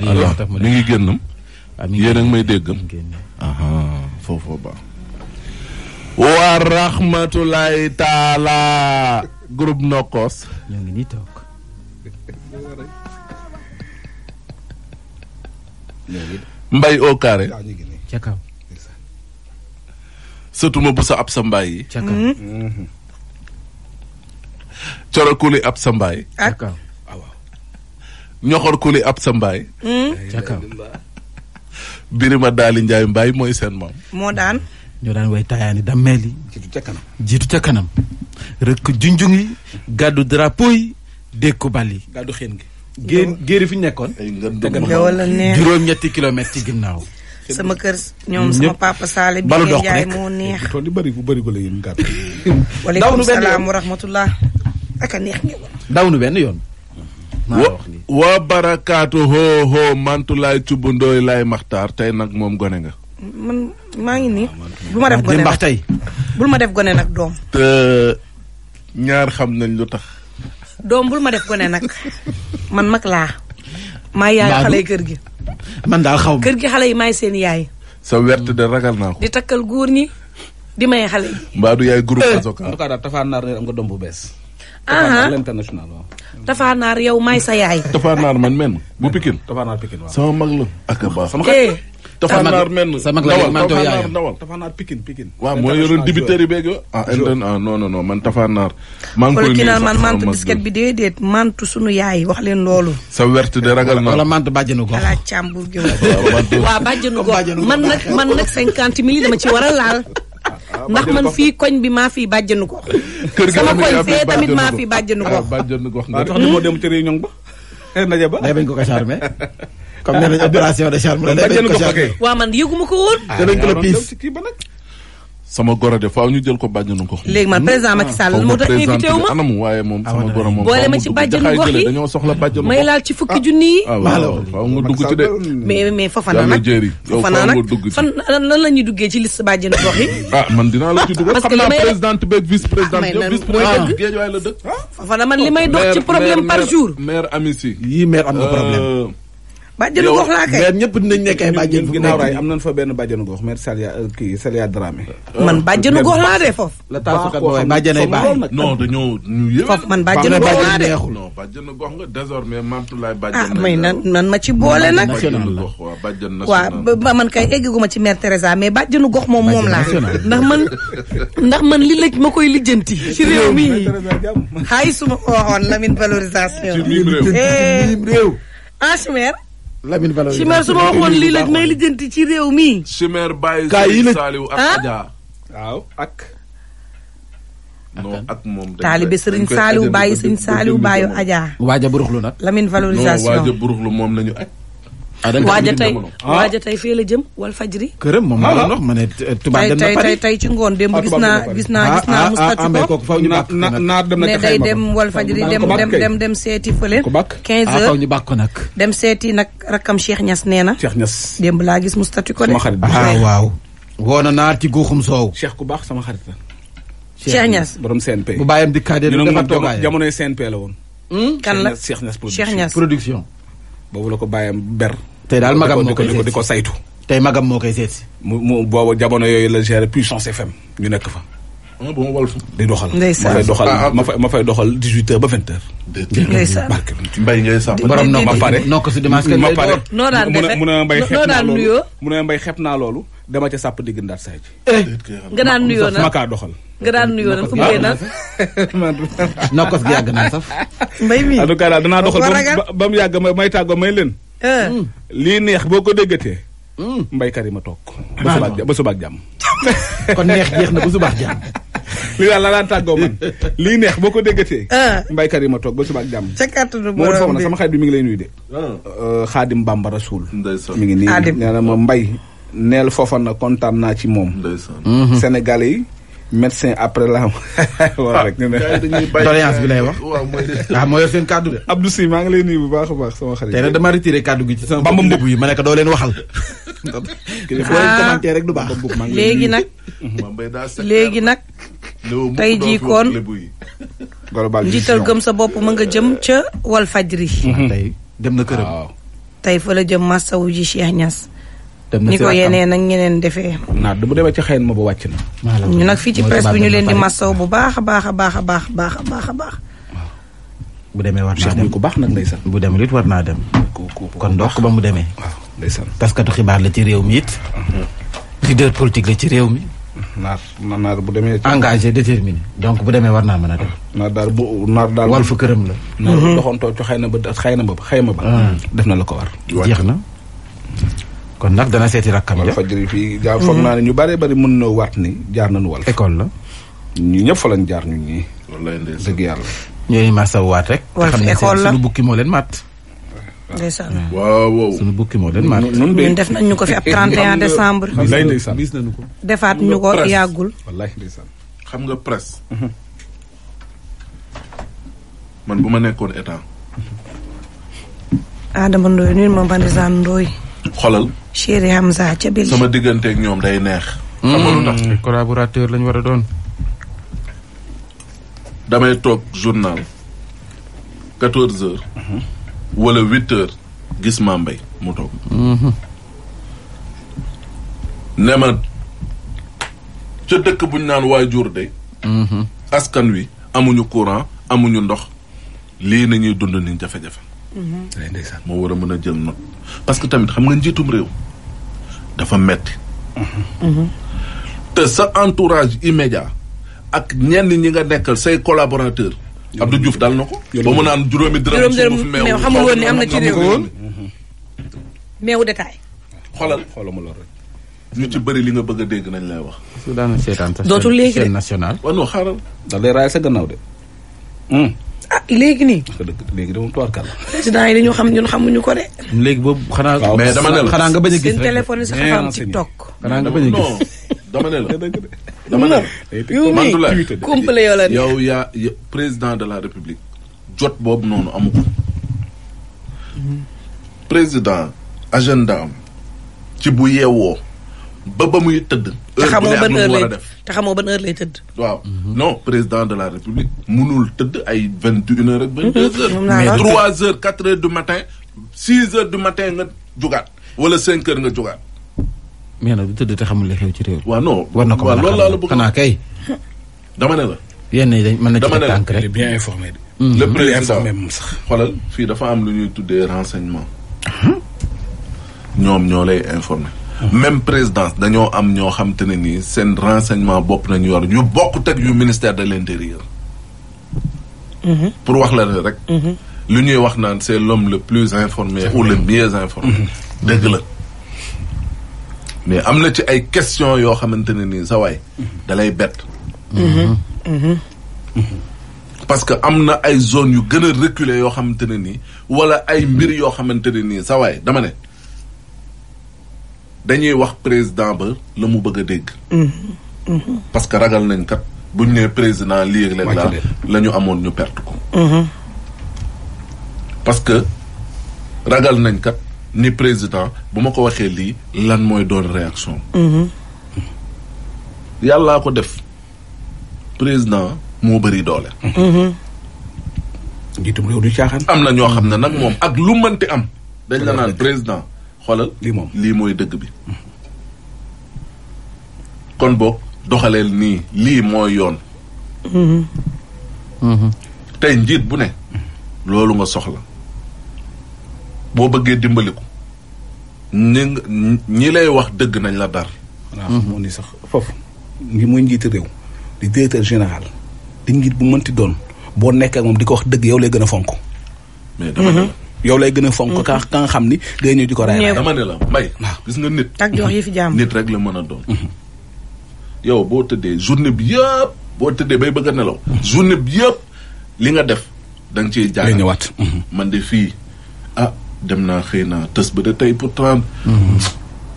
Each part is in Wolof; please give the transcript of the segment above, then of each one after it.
alors mi ngi génnam ah, yéen ngi may déggam foofu baax wa rahmatulahi taala groupe Nokos ñoo ngi nii toog mbay au sëtuma bu sa ab sa mbaay yi mhm. ab sa mbaay ñoxor kuli ab sa mbaay. ca hmm? kaw Birima Daali Njaay mbaay mooy seen maam. moo daan. ñoo daan way taayaani dammeel yi. jiitu ca kanam jiitu ca kanam. rëkk junjung yi gàddu drapeau yi dékku bal gàddu xeen gi. géer géeri fi ñu nekkoon. juróom-ñetti kilomètres ci ginnaaw. sama kër ñoom hmm, sama papa Sale. balu dox moo neex. bu bëri wa rahmatullah. ak daw nu benn yoon. wa barakaatu hoo hoo mantulaay cubandooy lay maxtaar tey nag moom gone nga man maa ngi nii ah, bu ma def gone nag tey bul ma def gone nag doom te ñaar xam nañ lu tax doom bul ma def gone nag man mag laa maa yaay xale yi kër gi man daal xaw kër gi xale yi maay seen yaay sa wert de ragal naa ko di takkal góor ñi di may xale yi mbaa du yaay groupe eh, azoka en tout cas daal naar ne am nga doom bu bees Tapha Naar l'international waaw. Tapha yow may sa yaay. Tapha man men bu Pikine. Tapha Naar Pikine waaw sama mag la ak a baax. sama xarit eh. Tapha sa mag la yow maa doon yaayam ndawal Tapha Naar Pikine Pikine. waaw dibiteer yi beeg yo. Ah, ah non non man Tapha Naar. maa ngi koy nuyu sax mantu biscuit bi déedéet mantu sunu yaay wax leen loolu. sa wert de ragal na wala mantu bàjjenu gox. ala càmm bu gox man nag man nag cinquante mille dama ci war a laal. Ah, ndax man fii koñ bi maa fii bàjjenu gox sama koñ fee tamit maa fii bàjjenu ah, gox bàjjenu gox nga tax di koo dem ci réunion ba eh, ndaje ba day bañ ko ko charmé comme nee nañ ah, opération de charme day bañ ko charmé waaw man yëguma ko woon danañ ko la piis sama goro de faaw ñu jël ko bàjjenu gox yi. léegi man président Macky Sall moo tax invité wu ma anam waaye moom ah, sama goro moom. boole ma ci bàjjenu gox yi dañoo soxla bàjjenu gox may laal ci fukki ah, junni yi. ah waaw waaw nga dugg ci de. mais mais Fofana nag Fofana nag fan lan la duggee ci liste bàjjenu gox yi. ah man dinaa la ci dugal xam naa présidente beeg vice présidente. ah vice présidente géej waay la dëkk. man li may dox ci problème par jour. maire maire Amici. yii maire am bàjjenu gox laa kay mais ñëpp dinañ nekk ay bàjjen fu ginnaaw am nañ fa benn bàjjenu gox maire Salia euh, kii Salia Dramé euh, man bàjjenu gox laa de foofu la taasukat booy bàjjenay baay non dañoo ñu yëpp foofu man bàjjenu gox laa de non bàjjenu gox nga désormais Mamtoulaye ah, bàjjen ah may nan nan ma ci boole nag waaw bàjjen national waaw man kay egguma ci maire Teresa mais bàjjenu gox moom moom laa ndax man ndax man li lëj ma koy lijjanti ci réew mi xaay suma ooxoon Lamine valorisation réew ah Lamine Balaw Chimère su ma waxoon lii la may lijjanti ci réew mi. Chimère bàyyi Serigne Saliou ak ah? Adja. waaw ak. non ak moom taalibe Serigne Saliou bàyyi Serigne Saliou bàyyi Adja. waaja buruxlu nag. Lamine valorisation non waaja buruxlu moom nañu Ah, waaja tey waaja ah. tey la jëm wal fajri këram moom la ah. wax ma ne eh, tubaab dem na Paris tey ci ngoon démb gis naa gis naa gis naa Moustapha dem ne day dem wal fajri dem dem dem seeti fële 15 heures faw ñu bàkk ko nag dem seeti nag rakkam Cheikh Niass nee na Cheikh Niass démb laa gis Moustapha ko ne ah waaw woon na naar ci baax sama xarit la Cheikh Niass bu bàyyam di kadde dafa toog jamonoy CNP la woon hmm? kan la Cheikh Niass la ko bàyyam ber tey daal magam moo koy seet di ko saytu. tey magam moo koy seet. mu mu boobu jamono yooyu la gérer puissance FM ñu nekk fa. ah bon wolof. di doxal ma fay doxal ah, ah. ma fay ma fay doxal dix huit heures ba vingt heures. ndeysaan mbay ngay borom noo ma pare noo ko si dimanche ma pare noo daan defee a mbay xeeb naa loolu mun a mbay xeeb naa loolu dama ca sàpp di gëndaat saa ji. Eh, nga naan nuyoo nag ma kaa doxal. nga daan nuyoo nag fu mu ah. naan. nokkos gi yàgg naa saf. mbay mi en danaa doxal ba mu yàgg may tàggoo may leen. Eh. Hmm. li neex boo ko déggatee. Hmm. yi ma toog. ba suba ak ba suba ak jàmm. kon neex jeex na ba suba ak jàmm. li daal la daan tàggoo man lii neex boo ko déggatee. Eh. mbay Karima toog ba suba ak jàmm. ca kàttanu borom bi sama xarit bi mi ngi lay nuyu de. Ah. Euh, xaadim Bamba Rasul. mu ngi nii nee ma mbay neel foofa na kontaan naa ci moom. Mhm. Sénégalais yi. médecin après la am. waaw rek doléance bi lay wax. waaw mooy ah, moo yor seen kàddu de. Abdou Sy maa ngi lay nuyu bu baax a baax sama xarit. tey nag dama retiré kàddu gi ci sama. bambam mbubb yi ma nekk doo leen waxal. ah léegi nag. léegi nag. tey jii koon. njiital gëm sa bopp ma nga jëm ca Walfadjri. tey dem na a tey fa la jëm Massawu ji Cheikh Niass. dem na si ni ko yeneen ak ñeneen defee. naat du bu demee ci ma ba wàcc na. ñu nag fii ci presse bi ñu leen bu baax a baax a baax a baax a baax a bu demee war naa dem ku baax nag ndeysaan bu demee it war naa dem. kon ndox ba mu demee. waaw ndeysaan taskatu xibaar la ci réew mi it. Mhm. leader politique la ci réew mi. naar naar bu demee. engagé déterminé donc bu demee war naa mën a dem. Ah, naar daal bu naar daal. wal fa këram la. naar mhm. doxantoo ci na ba xëy na ba xëy ma ba. Ah. def na la ko war. jeex na. kon nag dana seeti rakkam ja fajri fii foog mm-hmm. naa ne ñu bare bëri mën na waat ni jaar nañu wal école la ñu ñëpp fa lañ jaar ñun ñii wallaay dëgg yàlla ñooy masa waat rek xam ne suñu bukki moo leen matt ndeysaan waaw waaw suñu bukki moo leen maat ñun def nañ ñu ko fi ab 31 décembre ko defaat ñu ko yàggul wallaay ndeysaan xam nga presse mhm. man bu ma nekkoon état Adama Ndoye nuyu ma Bandisane Ndoye xolal. chéri Hamza ca biir. sama digganteeg ñoom day neex. xam nga ndax hmm. collaborateur lañ war a doon. damay toog journal quatorze heures. Hmm. wala huit gis ma mbay mu toog. Hmm. ne ma ca dëkk bu ñu naan waajur de. askan wi amuñu courant amuñu ndox lii nañuy dund ni jafe-jafe. day ndeysaan moo war a mën a jël nag parce que tamit xam nga njiitum réew dafa metti te sa entourage immédiat ak ñenn ñi nga nekkal say collaborateur Abdou Diouf dal na ko mu naan juróomi dërëm suuf meew xamul ne xoolal xoolal ma bëri li nga bëgg dégg nañ lay wax su daana seetaan dootul national waaw non xaaral da lay sa gannaaw de hmm. ah léegi nii. léegi dama tuwaat kàlla. président yi dañoo xam ñun xamuñu ko de. léegi boobu xanaa. mais dama ne la xanaa nga bañ a gis rek si xafaam TikTok. xanaa nga bañ a gis dama ne la. dama ne la yow mii yow la yow président de la république jot boobu noonu amu ko président agenda am ci bu yeewoo ba ba muy tëdd. heure bu ne ak mu war def. te xamoo ba heure lay tëdd. waaw mhm. non président de la république munul tëdd ay vingt une heures ak vingt deux mhm. heures. mais trois heures quatre heures du matin six heures du matin nga jugaat wala cinq heures nga jugaat. mais nag du tëdd te xamul li xew ci réew mi. non war na ko mën a xam xanaa kay. dama ne la. yenn yi dañ mën na ci tànk rek bien informé. Mhm. le président moom sax. xoolal fii dafa am lu ñuy tuddee renseignement. ñoom ñoo lay informé. même présidence dañoo am ñoo xam te ne nii seen renseignement bopp nañu yor yu bokkut ak yu ministère de l' intérieur. Mm-hmm. pour wax la rek. Mm-hmm. lu ñuy wax naan seen est le plus informé ou le mieux informé. Mm-hmm. dëgg la mais am na ci ay question yoo xamante ne nii sa waay da lay bett. parce que am na ay zone yu gën a reculé yoo xamante ne nii wala ay mbir yoo xamante ne nii sa waay dama ne. dañuy wax président ba la mu bëgg a dégg. Mm-hmm. Mm-hmm. parce que ragal nañ kat bu ñu nee président lii ak la la ñu amoon ñu perte ko. Mm-hmm. parce que ragal nañ kat ni président bu ma ko waxee lii lan mooy doon réaction. yàllaa ko def président moo bëri doole. njiitum réew am na ñoo xam ne nag moom ak lu mënti am. dañ la naan président. xoolal lii moom lii mooy dëgg bi kon boog doxalee nii lii mooy yoon tey njiit bu ne loolu nga soxla boo bëggee dimbaliku ñi ñi lay wax dëgg nañ la dar voilà moo ni sax foofu ngi muy njiiti réew di directeur général di njiit bu mënti doon boo nekkee moom di ko wax dëgg yow lay gën a fonk yow lay gën a fonk ka nga xam ni day ñëw di ko raay dama ne la mbay ah. gis nga nit ak jox yi fi jàmm nit rek la mën a doon mhm. yow boo tëddee journée bi yëpp boo tëddee bay bëgg a nelaw mhm. journée bi yëpp li nga def danga ci ciy jaar mhm. man de fii ah dem naa xëy naa tës ba de pour pourtant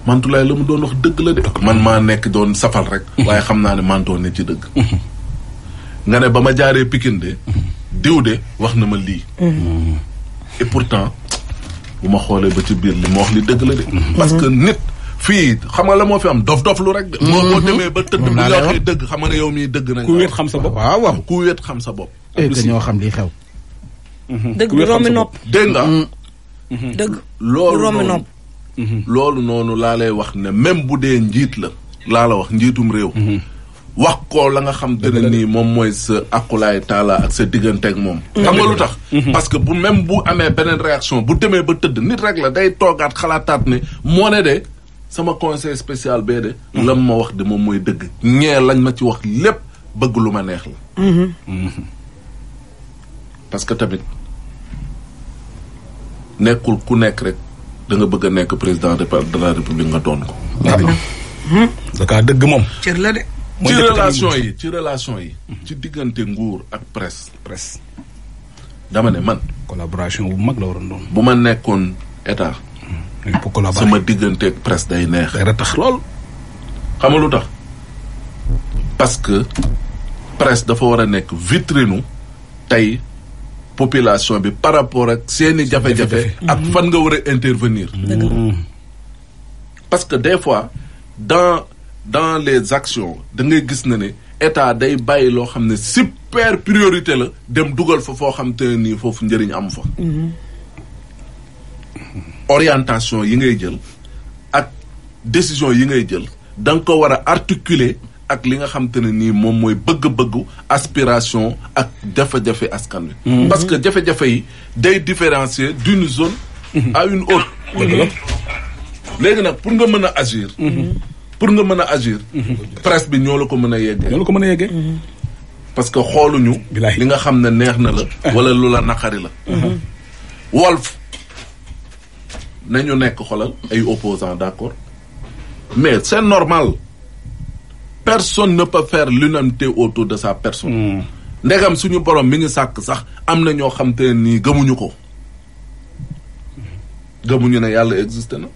mantulaay la mu doon wax dëgg la de man maa nekk doon safal rek waaye xam naa ne mantoo ne ci dëgg nga ne ba ma jaaree Pikine de diw de wax na ma lii et pourtant bu ma xoolee ba ci biir li ma wax li dëgg la de. parce que nit fii xam nga la moo fi am dof-dof lu rek. moo mm-hmm. moo demee ba tëdd bu la waxee dëgg xam nga ne yow mii dëgg nañ. ku wéet xam sa bopp waaw waaw ku wéet xam sa bopp. Eh, aussi ñoo xam li xew. Mm-hmm. dëgg du romb nopp dégg nga. Mm-hmm. dëgg loolu romb loolu noonu laa lay wax ne même bu dee njiit la laa la wax njiitum réew. wax ko la nga xam te ne nii moom mooy sa akulaay taala ak sa diggante ak moom. Mm-hmm. xam lu tax. Mm-hmm. Mm-hmm. parce que bu même bu amee beneen réaction bu demee ba tëdd nit rek la day toogaat xalaataat ne moo ne de sama conseil spécial bee de. la ma wax de moom mooy dëgg. ñee lañ ma ci wax lépp bëgg lu ma neex la. parce que tamit nekkul ku nekk rek da bëgg a nekk président de la république nga doon ko. da kaa dëgg moom. cër ci relation yi ci relation yi. Mm-hmm. ci diggante nguur ak presse. dama ne man. collaboration bu mag la waroon doon. bu ma nekkoon état. Mm-hmm. sama diggante ak presse day neex. day ratax lool. xam nga lu tax parce que presse dafa war a nekk vitrine tey population bi par rapport ak seeni jafe-jafe. ak fan nga war a intervenir. Mm-hmm. parce que des fois dans. dans les actions da ngay gis na ne état day bàyyi loo xam ne super priorité la dem dugal fa foo xam te ne nii foofu njëriñ am fa. Mm-hmm. orientation yi ngay jël ak décision yi ngay jël da nga ko war a articuler ak li nga xam te ne nii moom mooy bëgg-bëggu aspiration ak jafe-jafe askan wi. Mm-hmm. parce que jafe-jafe yi day différencier d'une zone. à une autre. Mm-hmm. léegi nag pour nga mën a agir. pour nga mën a agir. Mm-hmm. presse bi ñoo la ko mën a yeggee. ñoo la ko mën a yeggee. Mm-hmm. que xooluñu. li nga xam ne neex na la. Uh-huh. wala lu la naqari la. Uh-huh. Walf nañu nekk xolal ay opposants d'accord mais c'est normal personne ne peut faire te autour de sa personne. Mm. ndegam suñu borom mi ngi sàkk sax am na ñoo xam te nii gëmuñu ko ñu ne yàlla existe na.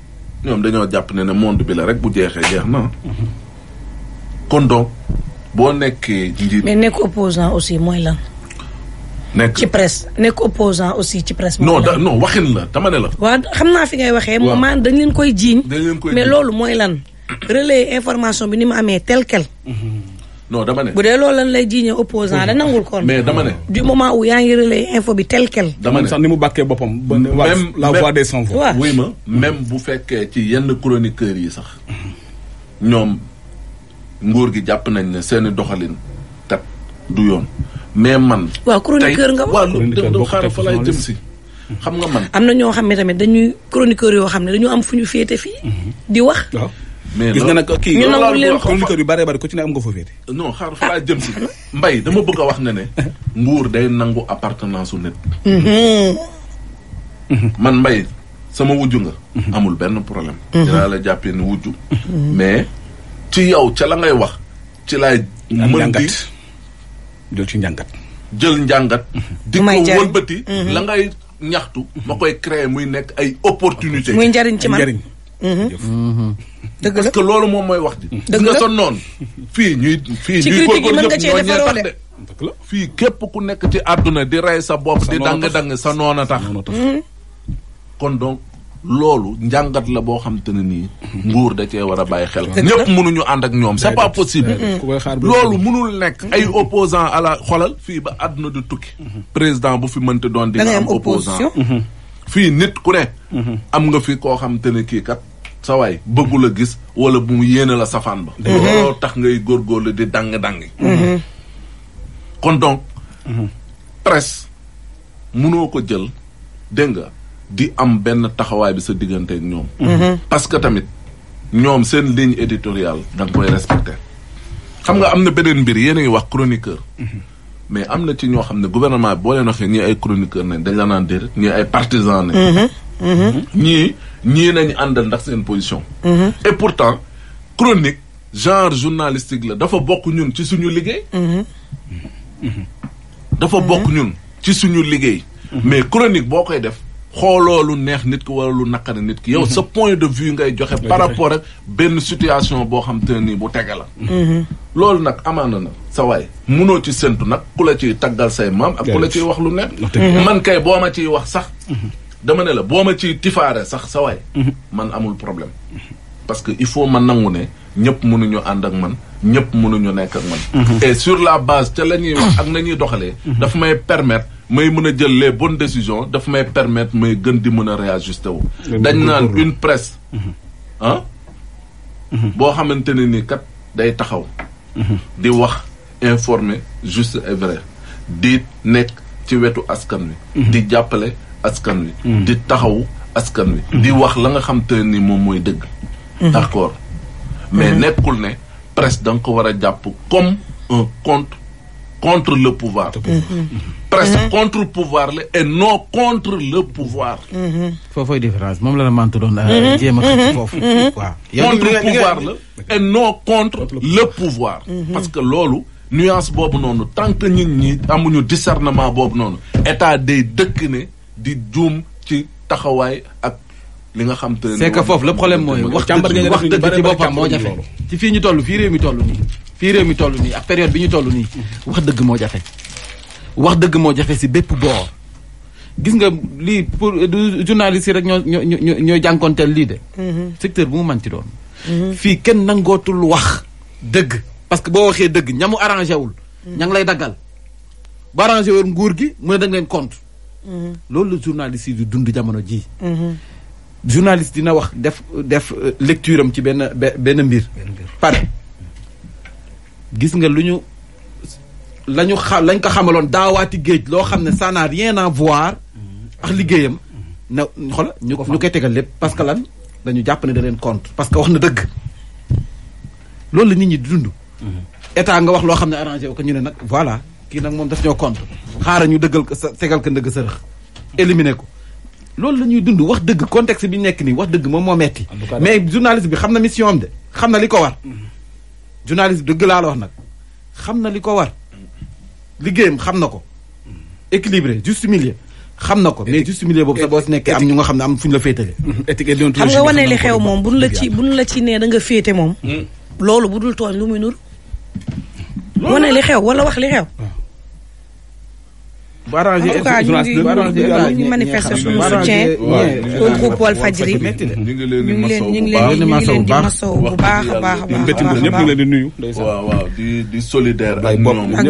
ñoom dañoo jàpp ne ne monde bi la rek bu jeexee jeex na. kon donc boo nekkee njiit. mais nekk opposant aussi mooy lan. nekk ci presse nekk opposant aussi ci presse. non da non waxin la dama ne la. waaw xam naa fi ngay waxee. waaw man dañ leen koy jiiñ. mais loolu mooy lan. relais information bi ni mu amee tel quel. Mhm. non dama ne. bu dee loolu lan lay jiiñee opposant da nangul kon. mais dama ne. du moment où yaa ngi relayer info bi tel quel. dama ne sax ni mu bàkkee boppam. même la voix des sans voix. wuy ma même bu fekkee ci yenn chroniqueurs yi sax ñoom nguur gi jàpp nañ ne seeni doxalin kat du yoon mais man. waaw chroniqueur nga waaw lu xaaral fa xam nga man am na ñoo xam ne tamit dañuy chroniqueur yoo xam ne dañu am fu ñu féete fii. Mhm. di wax. mais gis nga nag kii ñu nangu leen ko yu bare bare ci ne am nga fa féete non xaar fa mbay dama bëgg a wax na ne nguur day nangu appartenance su nit mm-hmm. man mbay sama wujju nga mm-hmm. amul benn problème mm-hmm. dinaa la jàppee ni wujju mais ci yow ca la ngay wax ci laay mën di jël ci njàngat jël njàngat di ko wëlbati la ngay ñaxtu ma koy créer muy nekk ay opportunité muy njariñ ci man dëgg parce que loolu moom mooy wax ji. dëgg la fii ñuy fii ñuy fii képp ku nekk ci àdduna di rey sa bopp. di dang dang sa noon a tax mm-hmm. kon donc loolu njàngat la boo xam te ne nii. nguur da cee war a bàyyi xel. ñëpp mënuñu ànd ak ñoom c'est pas possible. loolu mënul nekk ay opposant à xolal fii ba àdduna di tukki. Mm-hmm. président bu fi mënta doon di nga am opposant mm-hmm. fii nit ku ne. am nga fi koo xam te kii kat. sa waay bëggu gis wala bu mu yéene la safaan ba. Mhm. looloo tax ngay góorgóorlu di dang-dangi. Mhm. kon donc. Mhm. presse munoo ko jël dégg nga di am benn taxawaay bi sa diggante ak ñoom. parce que tamit ñoom seen ligne éditoriale da nga koy respecté. xam nga am na beneen mbir yéen a wax chroniqueur. mais am na ci ñoo xam ne gouvernement bi boo leen waxee ñii ay chroniqueur nañ dañ la naan déedéet ay partisan nañ. Mm-hmm. ñii ñii nañu àndal ndax seen position. Mm-hmm. et pourtant cronique genre journalistique la dafa bokk ñun ci suñu liggéey. Mm-hmm. dafa ñun ci suñu liggéey. mais cronique boo koy def. xooloo lu neex nit ki wala lu naqari nit ki. yow sa point de vue ngay joxe. par rapport ak benn situation boo xam te nii bu tege la. loolu nag amaana na sa waay munoo ci séntu nag ku la ciy taggal say maam. ak ku la ciy wax lu neex. man kay boo ma ciy wax sax. dama ne la boo ma ci tifaare sax sa waay man amul problème parce que il faut ma nangu ne ñëpp mënuñu ànd ak man ñëpp mënuñu nekk ak man mhm. et sur la base ca la ñuy wax ak na ñuy doxalee mhm. dafa may permettre may mën a jël les bonnes décisions daf may permettre may gën di mën a réajuster wu dañ naan une presse mhm. boo xamante ne ni kat day taxaw di wax informer juste et vrai di nekk ci wetu askan wi di jàppale askan wi. Mm. di taxaw askan wi. di mm. wax la nga xam te ni moom mooy dëgg. Mm-hmm. d'accord mais mm-hmm. nekkul ne presque da ko war a jàpp comme un contre contre le pouvoir. presse contre pouvoir la et contre le pouvoir. foofooy différence moom la la mënti a contre pouvoir la et non contre le pouvoir. parce que loolu. nuance boobu noonu tant que ñi amuñu discernement boobu noonu état day dëkk ne di juum ci taxawaay ak li nga xam te ne. c'est que foofu le problème mooy wax dëgg wax dëgg ci boppam moo jafe. ci fii ñu toll fii réew mi toll nii fii réew mi toll nii ak période bi ñu toll nii wax dëgg moo jafe. wax dëgg moo jafe si bépp boor gis nga lii pour du journaliste yi rek ñoo ñoo ñoo jànkonteel lii de. Mhm. secteur bi mu mën ci doon. Mhm. fii kenn nangootul wax dëgg. parce que boo waxee dëgg ñamu arrangé wul. Mhm. ña ngi lay daggal ba arrangé nguur gi mu ne da leen compte. loolu la journaliste yi di dund jamono jii. Mhm. journaliste dina wax def def euh, lecture am ci benn benn mbir. pare gis nga lu ñu lañu xam lañ ko xamaloon daawaati géej loo xam ne ça n'a rien à voir ax liggéeyam. na xola ñu ñu koy tegal lépp parce que lan dañu jàpp ne da leen compte parce que wax na dëgg loolu la nit ñi di dund. Mhm. état nga wax loo xam ne arrangé wu ñu ne nag voilà kii nag moom def ñoo compte xaaral ñu dëggal ko sa tegal ko ndëgg sa rëx éliminer ko loolu la ñuy dund wax dëgg contexte bi nekk nii wax dëgg moom moo metti mais journaliste bi xam na mission am de xam na li ko war journaliste dëgg laa la nag xam na li ko war liggéeyam xam na ko équilibré juste milieu xam na ko mais juste milieu boobu sa boo nekkee am ñu nga xam ne am fu ñu la féetale xam nga wane li xew moom buñu la ci buñu la ci nee da nga féete moom hmm. loolu bu dul tooñ lu muy nur wane li xew wala wax li xew hmm. bu arrangé état ñu ngi manifester suñu soutien au groupe Walfadjri ñu ngi leen ñu ngi leen di masaw a baax a baax ñëpp ñu ngi di nuyu waaw waaw di di solidaire ak ñoom ak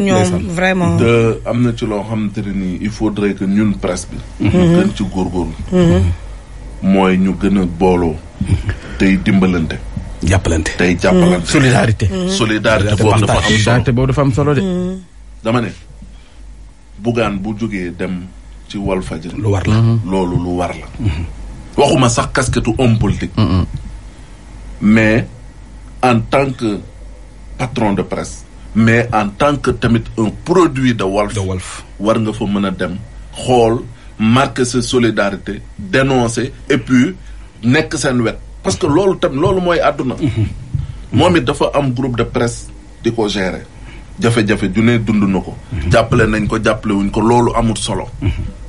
vraiment am na ci loo xamante ne nii il faudrait que ñun presse bi mhm. gën ci góorgóorlu mhm. mooy ñu gën a booloo tey dimbalante jàppalante tey jàppalante solidarité solidarité boobu dafa am solo dafa am solo de mhm. dama ne bugaan bu jógee dem ci wal fajri lu war la mhm. loolu lu war la mhm. waxuma sax kasketu homme politique mhm. mais en tant que patron de presse mais en tant que tamit un produit de Walf de war nga fa mën a dem xool marquer sa solidarité dénoncer et puis nekk seen wet parce que loolu tam loolu mooy àdduna moom it dafa am groupe de presse di ko gérer jafe-jafe ju ne dundu na ko. jàppale nañ ko jàppale wuñ ko loolu amul solo.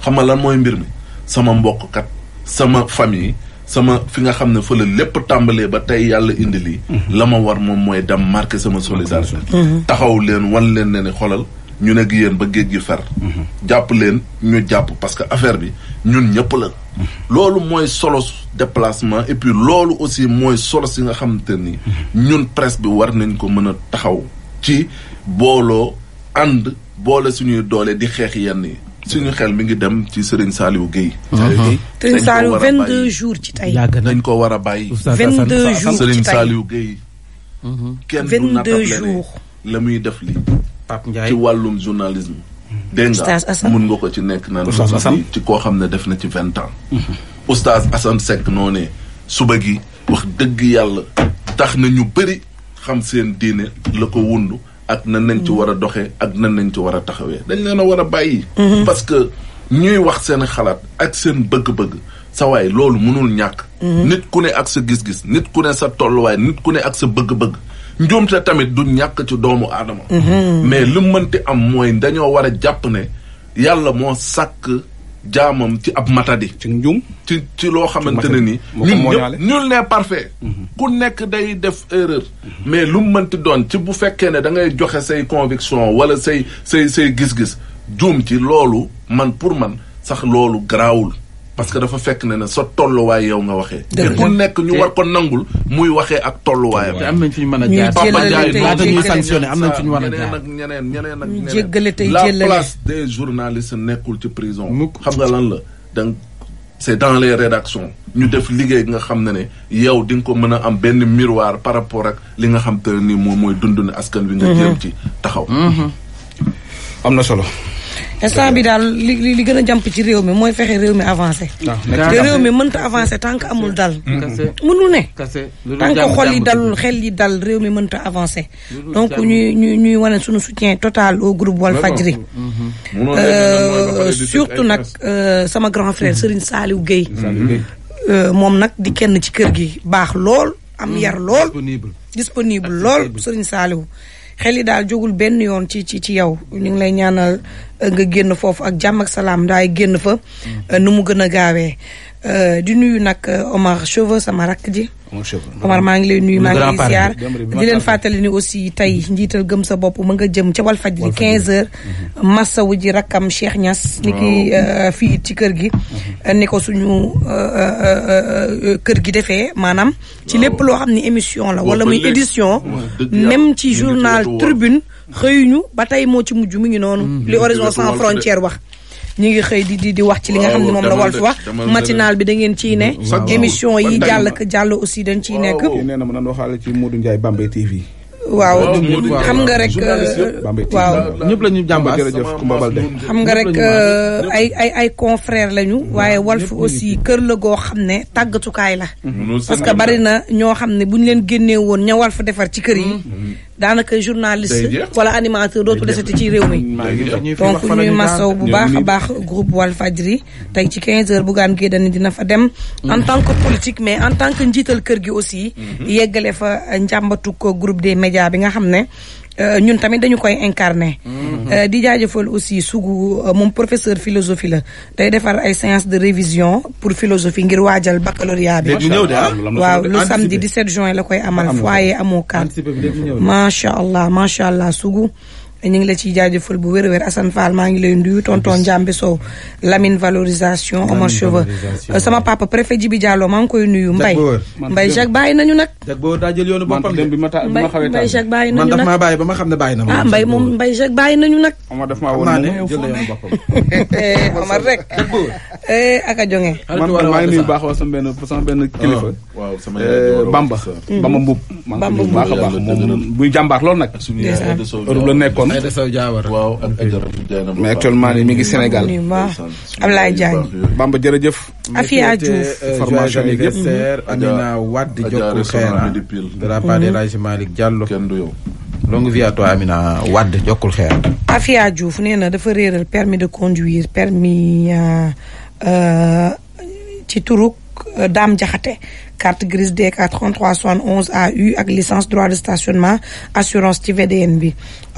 xam lan mooy mbir mi sama mbokk kat sama fami sama fi nga xam ne fa la lépp tàmbalee ba tey yàlla indi lii. la ma war moom mooy dem marqué sama solidarité. Mm-hmm. Mm-hmm. taxaw leen wan leen ne ne xolal ñu nekk yéen ba géej gi fer. Mm-hmm. jàpp leen ñu jàpp parce que affaire bi ñun ñëpp la. loolu mooy solo déplacement et puis loolu aussi mooy solo si nga xamante ni. ñun presse bi war nañ ko mën a taxaw ci. booloo ànd boole suñuy doole di xeex yenn yi suñu xel mi ngi dem ci Serigne Saliou géey Serigne Saliou 22 ci tey. yàgg nañ ko war a bàyyi. 22 jours Serigne Saliou Guèye. Mhm. kenn du nattable la muy def li Pape Ndiaye ci wàllum journalisme. dégg nga mun nga ko ci nekk naan. ci koo xam ne def na ci vingt ans. Mhm. oustaz Assane Seck noo suba gi wax dëgg yàlla tax na ñu bëri xam seen diine la ko wund ak nan nañ ci war a doxee ak nan nañ ci war a taxawee dañ leen a war a bàyyi. Mhm. parce que ñuy wax seen xalaat ak seen bëgg-bëgg sa waay loolu mënul ñàkk. Mhm. nit ku ne ak sa gis-gis nit ku ne sa tolluwaay nit ku ne ak sa bëgg-bëgg. njuumte tamit du ñàkk ci doomu aadama. Mhm. mais lu mënti am mooy dañoo war a jàpp ne yàlla moo sàkk. jaamam ci ab matadi. ci njum ci ci loo xamante ne ni. ñun ñëpp ñun ne parfait. Mhm. ku nekk day def erreur. Mhm. mais lu mënti doon ci bu fekkee ne da ngay joxe say conviction wala say say say gis-gis juum ci loolu man pour man sax loolu garaawul. parce que dafa fekk ne ne sa tolluwaay yow nga waxee. te ku nekk ñu war ko nangul muy waxee ak tolluwaayam. te am nañ fi ñu mën a jaar Papa Ndiaye laata ñuy sanctionné am nañ fi ñu war a jaar ñeneen ak ñeneen ñeneen ak ñeneen la place des journalistes nekkul ci prison. xam nga lan la donc c'est dans les rédactions. ñu def liggéey nga xam ne ne yow di nga ko mën a am benn miroir par rapport ak li nga xam te ne nii moom mooy dund ne askan wi. nga mhm. jëm ci taxaw. Mhm. am na solo. instant bi daal li li gën a jàmp ci réew mi mooy fexe réew mi avancé. Ah, te réew mi mënta avancé tant amul dal. Mm-hmm. mënul ne. tant que xol yi dalul xel yi dal réew mi mënta avancé. donc ñuy ñuy ñuy wane suñu soutien total au groupe Walfadjri. Mm-hmm. Euh, surtout nag euh, sama grand frère mm-hmm. Serigne Saliou Gueye. Euh, moom nag di kenn ci kër gi baax lool am yar lool. disponible lool Serigne Saliou. xel yi daal jógul benn yoon ci ci ci yow ñu ngi lay ñaanal nga génn foofu ak jàmm ak salaam ndaay génn fa mm. nu mu gën a gaawee Euh, di nuyu nag euh, Omar Cheveux sama rakk ji. Omar maa ngi lay nuyu maa ngi lay ziar di leen fàttali ni aussi tey mhm. njiital gëm sa bopp mu nga jëm ca Walfadjri 15h. Mhm. Massawu ji rakkam Cheikh Niass. ni ki euh, fii ci kër gi. Mhm. ni ko suñu kër gi defee maanaam. ci lépp loo xam ne émission la wala muy édition. même ci journal Tribune xëyuñu ba tey moo ci mujj mu ngi noonu. li Horizon sans frontière wax. ñu ngi xëy di di di wax ci li nga xam ne moom la Walf wax matinal bi da ngeen ciy ne émission yi jàll ka jàll aussi dañ ciy nekk nee na ma nan waxaale ci Modou Ndiaye Bambey TV waaw xam nga rek euh, waaw ñëpp la ñu jàmbaas xam nga rek euh, ay ay ay confrères lañu waaye Walf aussi kër la goo xam ne tàggatukaay la parce que bari na ñoo xam ne bu ñu leen génnee woon ña Walf defar ci kër yi mm-hmm. daanaka journaliste wala animateur dootu desati ci réew mi donc ñuy masaw bu baax a baax groupe Walfadjri tey ci 15 heures Bougane Gueye Dany dina fa dem mm. en tant que politique mais en tant que njiital kër gi aussi mm-hmm. yeggale fa ko groupe des médias bi nga xam ne Euh, ñun tamit dañu koy incarné. Mm-hmm. Euh, di jaajëfal aussi sugu euh, moom professeur philosophie la day defar ay séance de révision pour philosophie ngir waajal baccalauréat bi. Ah, waaw lu samedi 17 juin la koy amal. foyer amoo kan macha allah macha allah sugu. ñu ngi la ciy jaajëfal bu wér wér Assane Fall maa ngi lay nuyu tonton Njambi Sow Lamine valorisation Omar Cheveux sama papa préfet Djibi maa ngi koy nuyu Mbaye Mbaye Jacques bàyyi nañu nag daa jël yoonu boppam de Mbaye Jacques bàyyi nañu nag man daf maa bàyyi ba ma xam ne bàyyi na ma ah Mbaye moom Mbaye Jacques bàyyi nañu nag Omar daf maa woon ne jël yoonu boppam eh, Omar rek eh, ak a jonge man maa ngi nuyu baax waa sama benn sama benn ah. kilifa oh, waaw sama eh, Bamba hmm. Bamba Mbub Bamba Mbub baax a baax moom buy jàmbaar lool nag Europe la Aïda Sow Diawara waaw mais actuellement nii mi ngi Sénégal. waaw Ablaye Diagne. yi yëpp. Amina Wade Jokku Xeera. de la part mhm. de Raji Jokkul Xeer. Afia Diouf nee na dafa réeral permis de conduire permis euh, euh, ci turuk Euh, Dame Diakhaté carte grise de DK 3371 AU ak licence droit de stationnement assurance ci VDN bi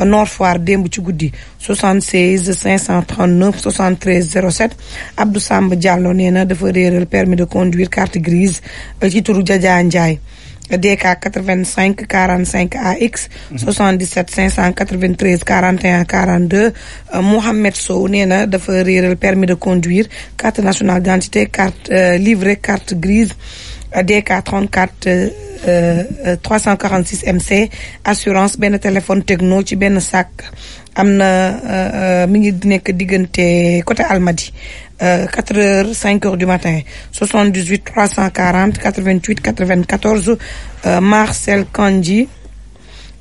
Nord Foire démb ci guddi 76 539 73 07 Abdou Samb Diallo nee na dafa réeral permis de conduire carte grise euh, ci turu Jaja DK 85 45 AX. 77 593 41 42 Mouhamed Sow nee na dafa réeral permis de conduire carte nationale d'identité carte euh, livrée carte grise euh, DK 34. 346 euh, euh, MC assurance benn téléphone techno ci benn sac am na euh, mi ngi nekk diggante côté Almadi 4 heures 5 heures du matin 78 340 88 94 Marcel Kandji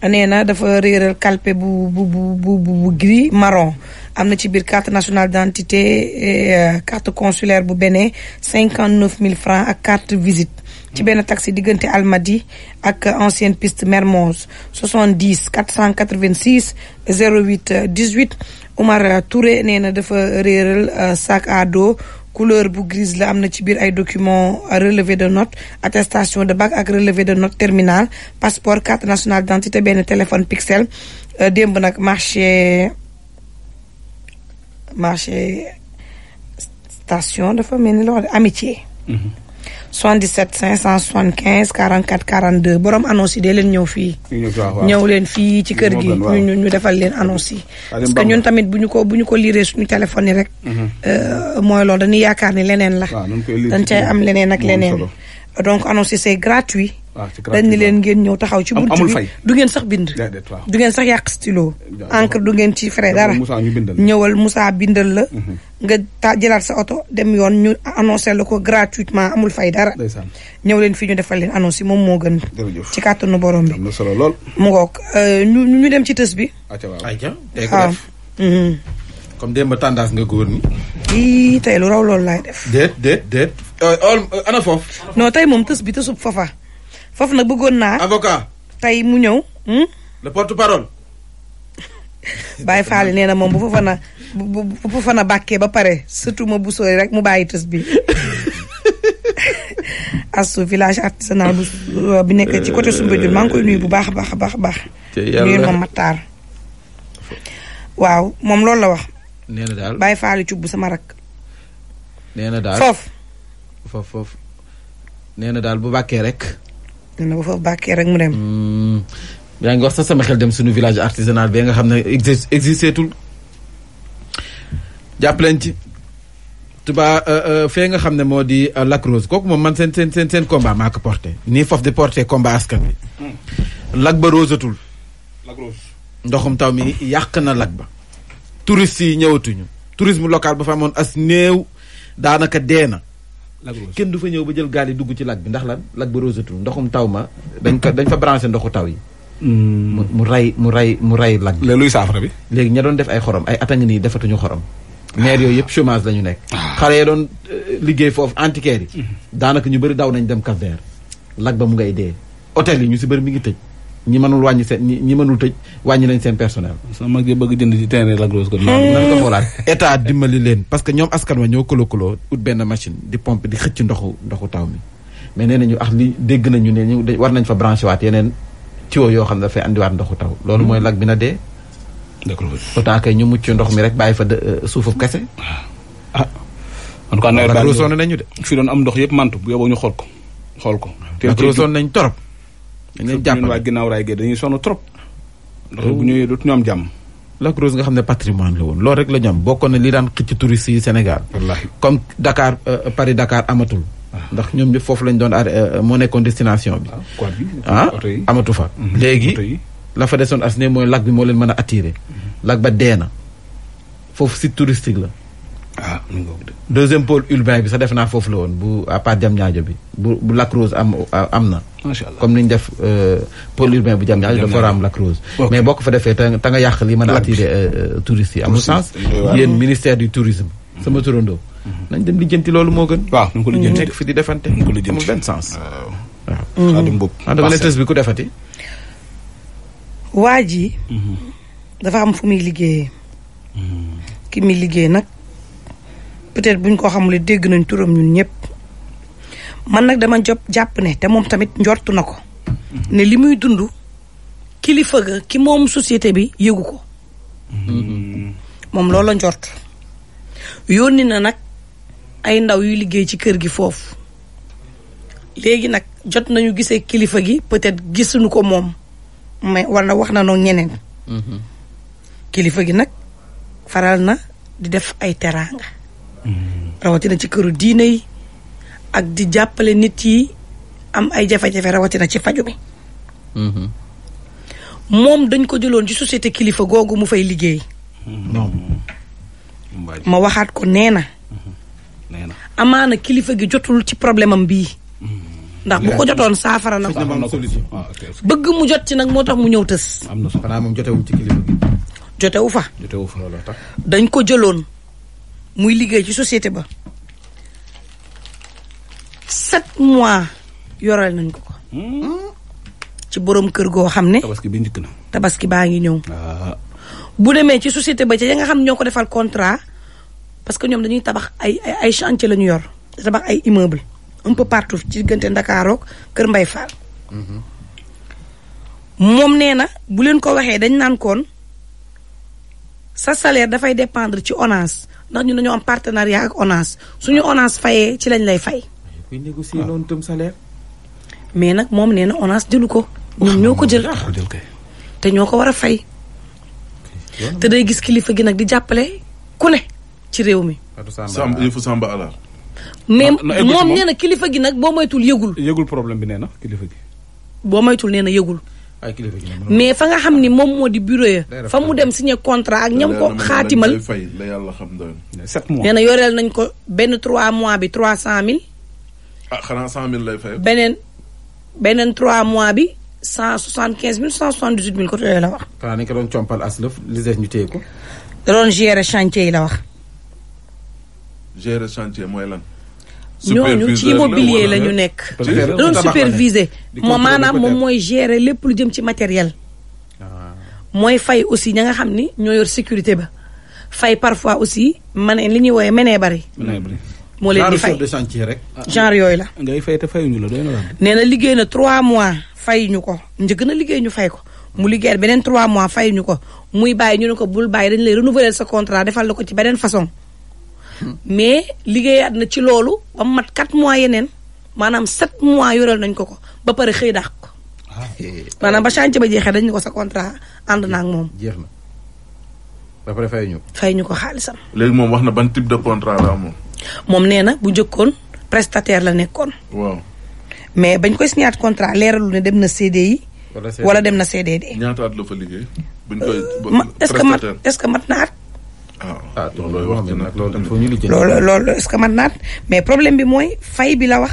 nee na dafa réeral calpe bu bu bu bu gris marron am na ci biir carte nationale d'identité carte consulaire bu Bénin 59 000 francs ak carte visite ci benn taxi diggante Almadi ak euh, ancienne piste Mermoz 70 486 08 18 Omar euh, Touré nee na dafa réeral euh, sac à dos couleur bu grise la am na ci biir ay document relevé de note attestation de bac ak relevé de note terminale passeport carte nationale d'identité benn téléphone pixel démb nag marché marché station dafa mel ni loo xam amitié mhm. cent 77 575 44 42 borom annonce yi dee leen ñëw fii. ñëw leen fii ci kër gi ñu ñu defal leen annonce yi. parce que ñun tamit bu ñu ko bu ñu ko liiree suñu téléphone yi rek. Mhm. Euh, mooy loolu dañuy yaakaar ni leneen la. dañ cay am leneen ak leneen. donc annonce yi c'est gratuit. Ah, dañ ni leen ngeen ñëw taxaw ci buntu bi du ngeen sax bind du ngeen sax yàq stylo encre du ngeen ci frais dara ñëwal Moussa bindal la mhm. nga ta jëlaat sa oto dem yoon ñu annoncé la ko gratuitement amul fay dara ñëw leen fii ñu defal leen annonce yi moom moo gën ci kàttanu borom bi mu ngoog euh, ñu ñu dem ci tës bi waaw mhm. comme démb tendance nga góor ii tey lu raw loolu laay def déet déet euh, euh, tey moom tës bi tësub fafa foofu nag bëggoon naa. avocat tey mu ñëw. Hmm? le porte parole. nee na moom bu fa bu bu fa bàkkee ba pare surtout ma bu sooy rek mu bàyyi tës bi. Astou village artisanal bu euh, bi nekk ci côté euh, Soumbédioune maa koy nuyu bu baax a baax a baax a baax. te yàlla waaw moom loolu la wax. nee na daal Baye Fall cubb sama rak. nee na foofu. foofu foofu na daal bu bàkkee rek. nee na fa bàkkee rek mu dem. Hmm. yaa ngi wax sax xel dem suñu village artisanal bi nga xam ne exi existé tul jàpp leen ci. tuba euh, euh, fee nga xam ne moo di euh, Lac Rose kooku moom man seen seen seen seen combat maa ko porté nii foofu di porté combat askan bi hmm. lag ba rosatul. Lac Rose. ndoxum taw mi yàq na lag ba. touristes yi ñëwatuñu tourisme local ba fa amoon as néew daanaka dee na. kenn du fa ñëw ba jël gaal yi dugg ci lac bi ndax lan lac ba rosatul ndoxum taw ma dañ ko dañ fa branché ndoxu taw yi hmm. mu mu ray mu rey mu rey lac bi luy saafara bi léegi ña doon def ay xorom ay atang nii defatuñu xorom maire yooyu yëpp chômage la ñu nekk ah. xale ya doon euh, liggéey foofu antiquaire yi hmm. daanaka ñu bëri daw nañ dem Cap-Vert lac ba mu ngay dee hôtel yi ñu si bëri mi ngi tëj ñi mënul wàññi seen ñi ñi mënul tëj wàññi lañ seen personnel. sama mag yi bëgg jënd ci terrain la grosse ko. nan ko xoolaat leen parce que ñoom askan wa ñoo këloo këloo ut benn machine di pompe di xëcc ndoxu ndoxu taw mi. mais nee nañu ax ah, li dégg nañu ne ñu war nañ fa branché waat yeneen tuyau yoo xam ne dafay andiwaat ndoxu taw. loolu mooy hmm. lag bi na dee. d'accord pourtant kay ñu mucc ndox mi rek bàyyi fa euh, suufu kese. Ah. ah en tout cas nawet baa sonn nañu de. fi doon am ndox yëpp mantu bu yóbboo ñu xool ko xool ko. te nañ torop dañuy jàppale ginnaaw raay gi dañuy sonn trop. ndax bu ñëwee dootu ñu jàmm. Lac Rose nga xam ne patrimoine la woon loolu rek la ñu am bokkoon na li daan xëcc touristes yi Sénégal. wallaahi comme Dakar euh, euh, Paris Dakar amatul. Ah. ndax ñoom ñëpp foofu lañ doon ar euh, moo nekkoon destination bi. ah, ah amatu fa. Mhm. léegi la fa desoon as ne mooy lag bi moo leen mën a attiré. lag ba dee na foofu site touristique la. waaw ah, mu ngoog de deuxième pôle urbain bi sa defe naa foofu la woon bu à part Diamniadio bi bu bu Lac Rose am am na. macha allah comme ni ñu def euh, pôle urbain bu Diamniadio dafa war a am Lac mais boo ko fa defee te nga yàq li mën a attirer euh, euh, touristes yi. amul sens yéen ministère du tourisme. sama mhm. Mhm. dem lijjanti loolu moo gën. waaw nañ ko lijjanti nekk fi di defante. nañ ko lijjanti amul benn sens. waaw. Adama Mboup. Adama lettres bi ji. Mhm. dafa am fu muy liggéeyee. ki muy liggéey nag. peut-être ñu ko xamule dégg nañ turam ñun ñëpp man nag dama jot jàpp ne te moom tamit njortu na ko mhm. ne li muy dund kilifa ga ki moom société bi yëgu ko mhm. moom loola njort yónni na nag ay ndaw yuy liggéey ci kër gi foofu léegi nag jot nañu gisee kilifa gi peut-être gisuñu ko moom mais wala wax na noo ñeneen mhm. kilifa gi nag faral na di def ay teraanga rawatina ci kër diine yi ak di jàppale nit yi am ay jafe-jafe rawatina ci faju bi mm-hmm. moom dañ ko jëloon ci société kilifa googu mu fay liggéey mm-hmm. ma waxaat ko mm-hmm. nee na amaana kilifa gi jotul ci problème am bii ndax bu ko jotoon saafara na ko ah, bëgg mu jot ci nag moo tax mu ñëw tës jotewu fa dañ ko jëloon muy liggéey ci société ba sept mois yoral nañ ko ko. ci borom kër goo xam ne. tabaski bi njëkk na. tabaski baa ngi ñëw. Ah. bu demee ci société ba ca nga xam ñoo ko defal contrat parce que ñoom dañuy tabax ay ay ay la ñu yor tabax ay immeuble un peu partout ci diggante Ndakaaroog Kër Mbay Fall. Mm-hmm. moom nee na bu leen ko waxee dañ naan koon sa salaire dafay dépendre ci ONAS ndax ñu dañoo am partenariat ak ONAS suñu ONAS fayee ci lañ lay fay. kuy négocier noonu mais nag moom nee na ONAS jëlu ko. ñoom ñoo ko jël ah, te ñoo ko war a fay. te day gis kilifa gi nag di jàppale ku ne ci réew mi. yëfu Samba mais moom nee kilifa gi nag boo moytul yëgul. yëgul problème bi nee na kilifa gi. boo moytul nee na yëgul. mais fa nga xam ni moom moo di bureau ya fa mu dem signé contrat ak ñam ko xaatimal nee na yoreel nañ ko benn 3 mois bi trois cent mille 100000 ah, lay fay. beneen beneen 3 mois bi 175000 178000 côté yooyu la wax. waaw nañu ko doon compal aslëf li des ñu téye ko. da doon gérer chantier yi la wax. mooy lan. ñooñu ci immobilier la ñu nekk. doon superviser moom maanaam moom mooy gérer lépp lu jëm ci matériel. Ah. mooy fay aussi ña nga xam ni ñoo yor sécurité ba fay parfois aussi man li ñuy wooye menee bari. moo leen di fay genre yooyu la. ngay fay te fayuñu la doy liggéey na trois mois ñu ko njëkk na liggéey ñu fay ko. mu liggéey beneen 3 mois fay ñu ko muy bàyyi ñu ne ko bul bàyyi dañu lay renouveler sa contrat defal la ko ci beneen façon. mais liggéeyaat na ci loolu ba mat 4 mois yeneen maanaam 7 mois yoral nañ ko ko ba pare xëy dàq ko. Ah, maanaam ba chantier ba jeexee dañ ne ko sa contrat ànd naa ak moom. jeex na ba ñu ko. ñu ko xaalisam. léegi moom wax na ban type de contrat la moom. nee na bu njëkkoon prestataire la nekkoon. waaw mais bañ koy signaat contrat leeralu ne dem na CDI. wala dem na CDD. ñaata at la fa liggéey. buñ koy euh, est-ce que mat est-ce que mat na at. ah loolu looy wax nag loolu il faut ñu lijjanti. loolu loolu est-ce que man naat mais problème bi mooy fay bi la wax.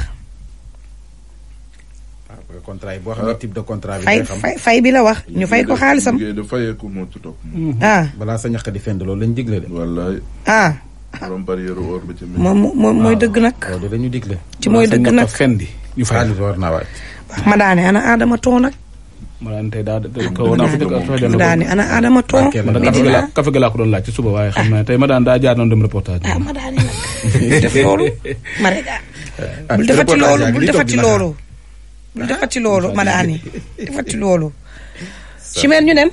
Ah, contrat yi boo xam ne de contrat bi. fay fay fay bi la wax ñu fay ko xaalisam. liggéey mm-hmm. ah. Ah. balaa sa ñaq fend loolu lañ digle de. wallaay. ah. borom barrière mooy dëgg nag. waaw loolu dañu digle. ci mooy dëgg nag ñu fay. war naa waaj. ma ana Adama Toon nag. malante daa ko woon daani ana Adama Toro kafe ga laa ko doon laaj ci suba waaye xam naa tey ma daan daa jaar noonu dem reportage ah ma daani nag def loolu ma ah, rek bul defati loolu bul defati loolu bul ñu dem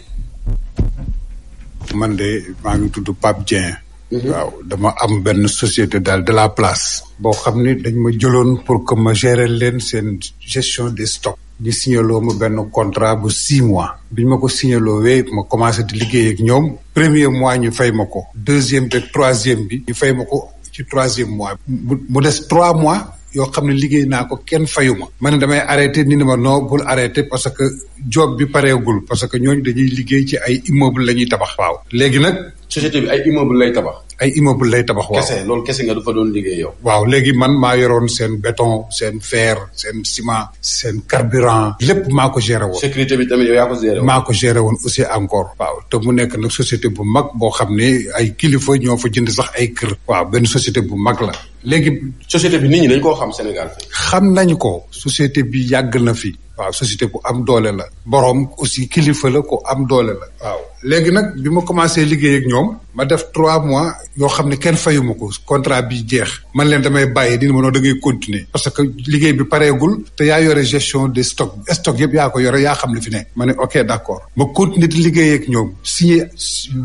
man de maa ngi tudd Pape Dieng mhm. dama am benn société daal de la place boo xam ne dañ ma jëloon pour comme ma gérer leen seen gestion de stocks ñu signaloo ma benn contrat bu six mois biñ ma ko signaloo wee ma commencé di liggéey ak ñoom premier mois ñu fay ma ko deuxième de troisième bi ñu fay ma ko ci troisième mois bu mu des trois mois yoo xam ne liggéey naa ko kenn fayuma ma ne damay arrêté ni ne ma non bul arrêté parce que job bi pareegul parce que ñooñu dañuy liggéey ci ay immeuble la ñuy tabax waaw léegi nag société bi ay immeuble lay tabax ay immeuble lay tabax. waaw loolu kese nga du doon liggéey yow. léegi man maa yoroon seen béton seen fer seen ciment. seen carburant. lépp maa ko géré woon. sécurité bi tamit yow géré woon. maa ko géré woon aussi encore. waaw te mu nekk nag société bu mag boo xam ne ay kilifa ñoo fa jënd sax ay kër. waaw benn société bu mag la. léegi. société bi nit ñi dañ koo xam Sénégal. xam nañu ko société bi yàgg na fi. waaw société bu am doole la borom aussi kilifa la ko am doole la waaw léegi nag bi ma commencé liggéey ak ñoom ma def trois mois yoo xam ne kenn fayuma ko contrat bi jeex man leen damay bàyyi dina ma noo da ngay continuer parce que liggéey bi pareegul te yaa yore gestion de stocks stock yëpp yaa ko yore yaa xam li fi ne ma ne ok d'accord ma continuer di liggéey ak ñoom signé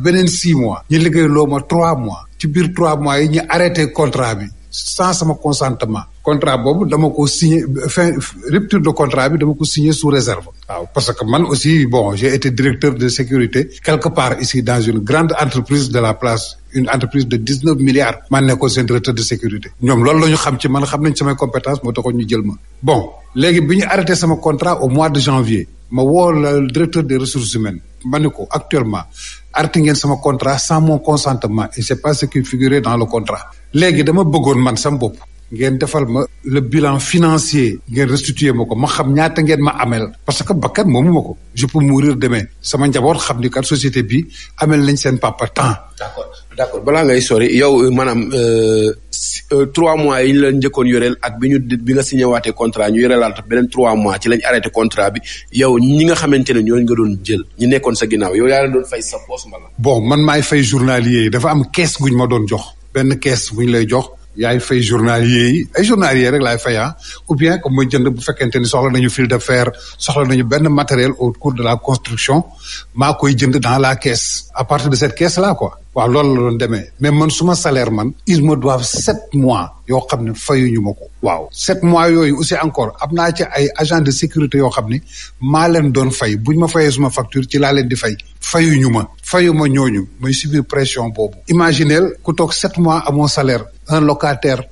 beneen six mois ñu liggéey loo ma trois mois ci biir trois mois yi ñu arrêté contrat bi sans sama consentement contrat boobu dama ko signé de contrat bi dama ko signé sous réserve. waaw parce que man aussi bon j'ai été directeur de sécurité quelque part ici dans une grande entreprise de la place une entreprise de dix neuf milliards. man nekkoon seen directeur de sécurité. ñoom loolu la ñu xam ci man xam nañ samay compétence moo taxoon ñu jël ma. bon léegi bi ñu arrêté sama contrat au mois de janvier ma woo le directeur des ressources humaines ma ne ko actuellement arrêté ngeen sama contrat sans mon consentement et c'est pas dans le contrat. léegi dama bëggoon man sama bopp. ngeen defal ma le bilan financier ngeen restituer ma ko ma xam ñaata ngeen ma ameel parce que bakkan moomu ma ko je peux mourir demain sama njaboot xam ni kat société bi amel nañ seen papa temps. d'accord d'accord balaa ngay sori yow euh, maanaam euh, euh, trois mois yi ñu la njëkkoon yoreel ak bi ñu bi nga signé waatee contrat ñu yoreelaat beneen trois mois ci lañ arrêté contrat bi yow ñi nga xamante ne ñooñu nga doon jël ñi nekkoon sa ginnaaw yow yaa la doon fay sa poche mbala. bon man maay fay journalier yi dafa am kees guñ ma doon jox benn kees buñ lay jox. yaay fay journalier yi ay journalier rek laay fay ah ou bien comme mooy jënd bu fekkente ni soxla nañu fil de fer soxla nañu benn matériel au cours de la construction maa koy jënd dans la caisse à partir de cette caisse là quoi waaw loolu la doon demee mais man suma salaire man ils me doivent sept mois yoo xam ne fayuñu ma ko waaw sept mois yooyu aussi encore am naa ci ay agent de sécurité yoo xam ne maa leen doon fay buñ ma fayee suma facture ci laa leen di fay fayuñu ma fayuma ñooñu muy subir pression boobu imagineel ku toog sept mois amoo salaire un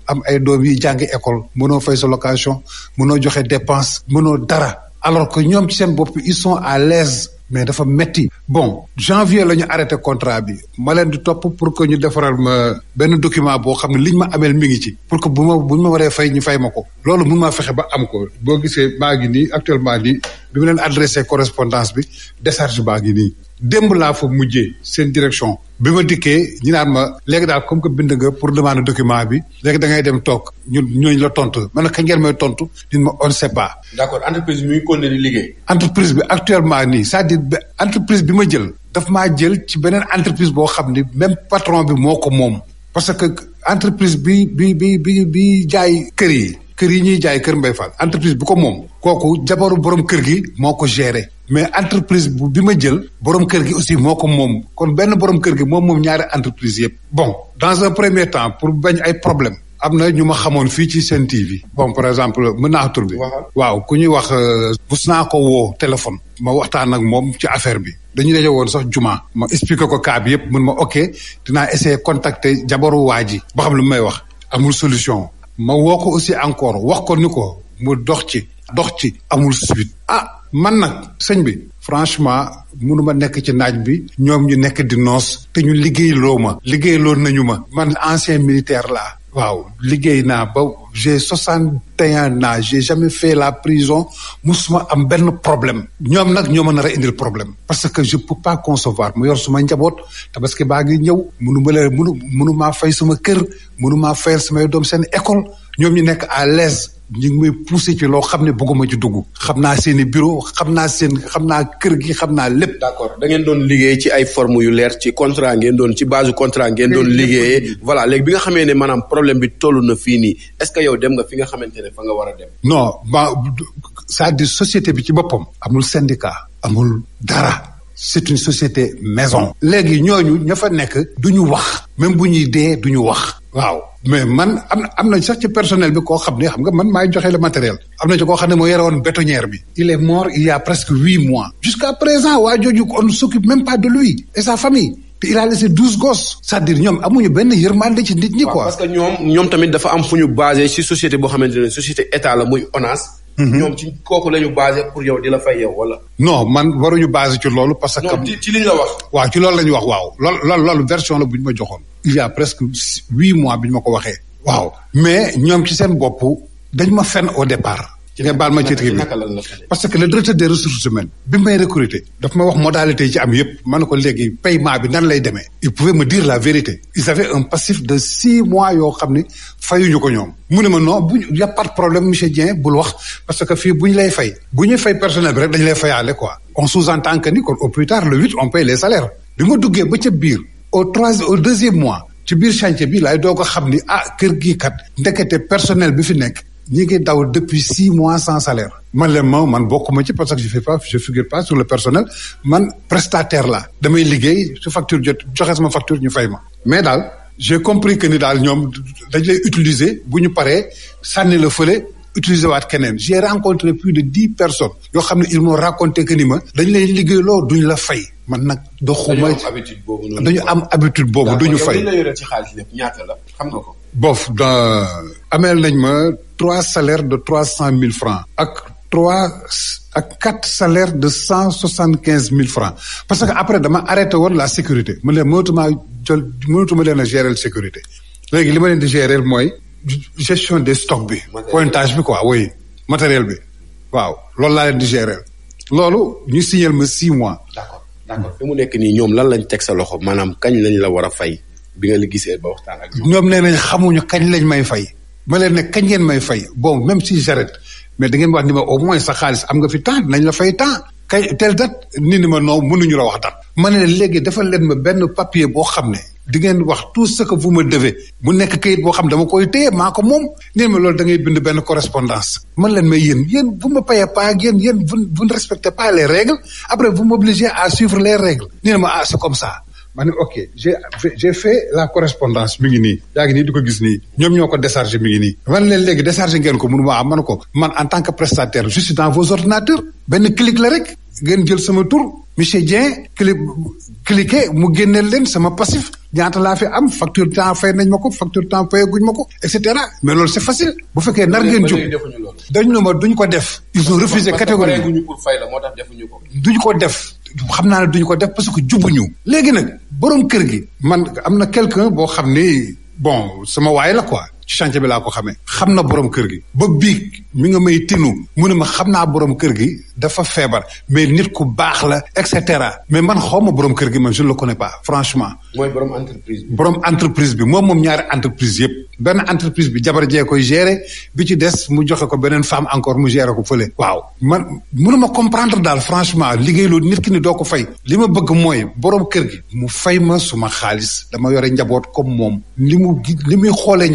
am ay doom yi jàngi école mënoo fay sa location mënoo joxe dépense mënoo dara alors que ñoom ci seen bopp ils sont à l'aise mais dafa metti bon janvier la ñu arrêté contrat bi ma leen di topp pour que ñu defaral ma benn document boo xam ne liñ ma ameel mi ngi ci pour que bu ma bu ma waree fay ñu fay ma ko loolu mun maa fexe ba am ko boo gisee maa ngi nii actuellement nii bi mu leen adressé correspondance bi décharge baa ngi nii démb laa fa mujjee seen direction bi ma dikkee ñu naan ma léegi daal comme que bind nga pour demander document bi léegi dangay dem toog ñun ñooñu la tontu man nag kañ ngeen may tontu ñun ma on ne sait pas. d'accord entreprise bi mi ngi liggéey. entreprise bi actuellement nii c'est-à-dire entreprise bi ma jël dafa maa jël ci beneen entreprise boo xam ni même patron bi moo ko moom parce que entreprise bi bi bi bi bi jaay kër yi. kër yi ñuy jaay kër mbay Fall entreprise bu ko moom kooku jabaru borom kër gi moo ko géré mais entreprise bu bi ma jël borom kër gi aussi moo ko moom kon benn borom kër gi moom moom ñaari entreprise yëpp bon dans un temps pour bañ ay problème am na ñu ma xamoon fii ci seen TV bon par exemple mën naa tur bi waaw ku ñuy wax bus euh, naa ko woo téléphone ma waxtaan ak moom ci affaire bi dañuy daje woon sax jumaa ma expliqué ko cas bi yëpp mun ma ok dinaa essayer contacter jabaru waa ji ba xam lu may wax amul solution ma woo ko aussi encore wax ko ni ko mu dox ci dox ci amul suite ah man nag sëñ bi franchement mënuma nekk ci naaj bi ñoom ñu nekk di noos te ñu liggéey loo ma liggéey loon nañu ma man ancien militaire la waaw liggéey naa ba j'ai soixante et un ans j'ai jamais fait la prison musuma am benn problème ñoom nag ñoo ma nar a indil problème parce que je peux pas concevoir mu yor suma njaboot tabaski baa ngi ñëw munu ma leen munu munu maa fay suma kër munu maa fayal samay doom seen école ñoom ñu nekk à l'aise ñu ngi may ci loo xam ne bëgguma ji dugg xam naa seen i bureau xam naa seen xam naa kër gi xam naa lépp. d'accord da ngeen doon liggéey ci ay forme yu leer ci contrat ngeen doon ci base contrat ngeen doon liggéeyee voilà léegi bi nga xamee ne maanaam problème bi toll na fii nii que yow dem nga fi nga xamante ne fa nga war a dem. non ma cest à société bi ci boppam. amul syndicat amul dara. c'est une société maison. léegi ñooñu ña fa nekk. du ñu wax. même bu ñu dee du ñu wax. waaw mais man am na am nañ sax personnel bi koo xam ne xam nga man maay joxe le matériel. am na ci koo xam ne moo yore woon bétonnière bi. il est mort il a presque huit mois. jusqu'à présent waa jooju on ne même pas de lui et sa famille. te il a laissé douze gosses cest dire ñoom amuñu benn yërmande ci nit ñi quoi. parce que ñoom tamit dafa am fu ñu basé société boo xamante ne société état la muy ONAS. Mhm. ñoom ci kooku la ñu basé pour yow di la fay yow wala. non man waruñu basé ci loolu. parce que non ci ci la wax. waaw ci loolu la ñu wax waaw lool loolu loolu version la bu ñu ma joxoon. il y presque huit mois bi ñu ma ko waxee. waaw mais ñoom ci seen bopp dañ ma fen au départ. nga baal ma ci tri bi parce que le directeur des ressources humaines bi may recruter daf ma wax modalité ci am yëpp ma ne ko léegi paiement bi nan lay demee il pouvait me dire la vérité ils avaient un passif de six mois yoo xam ne fayuñu ko ñoom mu ne ma non bu y problème monsieur Dieng bul wax parce que fii bu ñu lay fay bu ñu fay personnel bi rek dañu lay fayaale quoi on sous-entend que ni kon au plus tard le huit on paye les salaires bi ma duggee ba ca biir au trois au deuxième mois ci biir chantier bi laay doo ko xam ni ah kër gii kat ndekete personnel bi fi nekk ñi ngi daw depuis six mois sans salaire man leen ma man bokkuma ci parce que je fais pas sur le personnel man prestataire la damay liggéey su facture jot joxe ma facture ñu fay ma mais daal j'ai compris que ni daal ñoom dañ lay utiliser bu ñu paree sànni la fële utiliser waat keneen j'ai rencontré plus de dix personnes yoo xam ne ils moo raconté que ni ma dañ lay liggéeyloo duñ la fay man nag doxuma dañu am habitude boobu duñu fay. dañu xaalis lépp ñaata la xam nga bof da ameel nañ ma trois salaires de trois cent mille francs ak trois ak quatre salaires de cent soixante quinze mille francs parce que après dama arrêté woon la sécurité ma leen mënatuma jël mënatuma leen a gérer sécurité léegi li ma leen di gérer mooy gestion des stocks bi pointage bi quoi oui matériel bi waaw loolu laa leen di gérer loolu ñu signal ma six mois d'accord d'accord fi mu nekk nii ñoom lan lañ teg sa loxo maanaam kañ lañ la war a fay bi nga li gisee ba waxtaan ak ñoom nee nañ xamuñu kañ lañ may fay ma leen ne kañ ngeen may fay bon même si j'arrête mais da ngeen wax ni ma au moins sa xaalis am nga fi temps dinañ la fay temps kay tel date ni ni ma non mënuñu la wax date ma ne léegi defal leen ma benn papier boo xam ne di ngeen wax tout ce que ma me mu nekk kayit boo xam dama koy téye maa ko moom nee ma loolu da bind benn correspondance man leen may yéen yéen vous ma payez pas ak yéen yéen respecte vous ne respectez pas les règles après vous m'obligez à suivre lee règles nee ma ah c'est comme ça ma ne ok j'ai j'ai fait la correspondance mi ngi nii yaa ngi nii di ko gis nii ñoom ñoo ko déchargé mi ngi nii man leen léegi déchargé ngeen ko mënu ma am man ko man en tant que prestataire je suis dans ordinateurs benn clic la rek ngeen jël sama tur monsieur Dieng clic cliquer mu génneel leen sama passif ñaata laa fi am facture temps fay nañ ma ko facture temps fayaguñ ma ko et cetera mais loolu c'est facile bu fekkee nar ngeen jóg dañ ne ma duñ ko def ils ont refusé catégorie duñ ko def xam naa ne duñu ko def parce que jubuñu léegi nag borom kër gi man am na quelqu'un boo xam ni bon sama waay la quoi ci chantier bi laa ko xamee xam na borom kër gi ba biig mi nga may tinu mu ne ma xam naa borom kër gi dafa feebar mais nit ku baax la et cetera mais man xaw ma borom kër gi man je ne le connais pas franchement. borom entreprise bi. moom moom ñaari entreprise yëpp benn entreprise bi jabar jee koy gérer bi ci des mu joxe ko beneen femme encore mu gérer ko fële. waaw man mënuma comprendre daal franchement liggéey loolu ni doo ko fay li ma bëgg mooy borom kër gi mu fay ma suma xaalis dama yore njaboot comme moom li mu li muy xoolee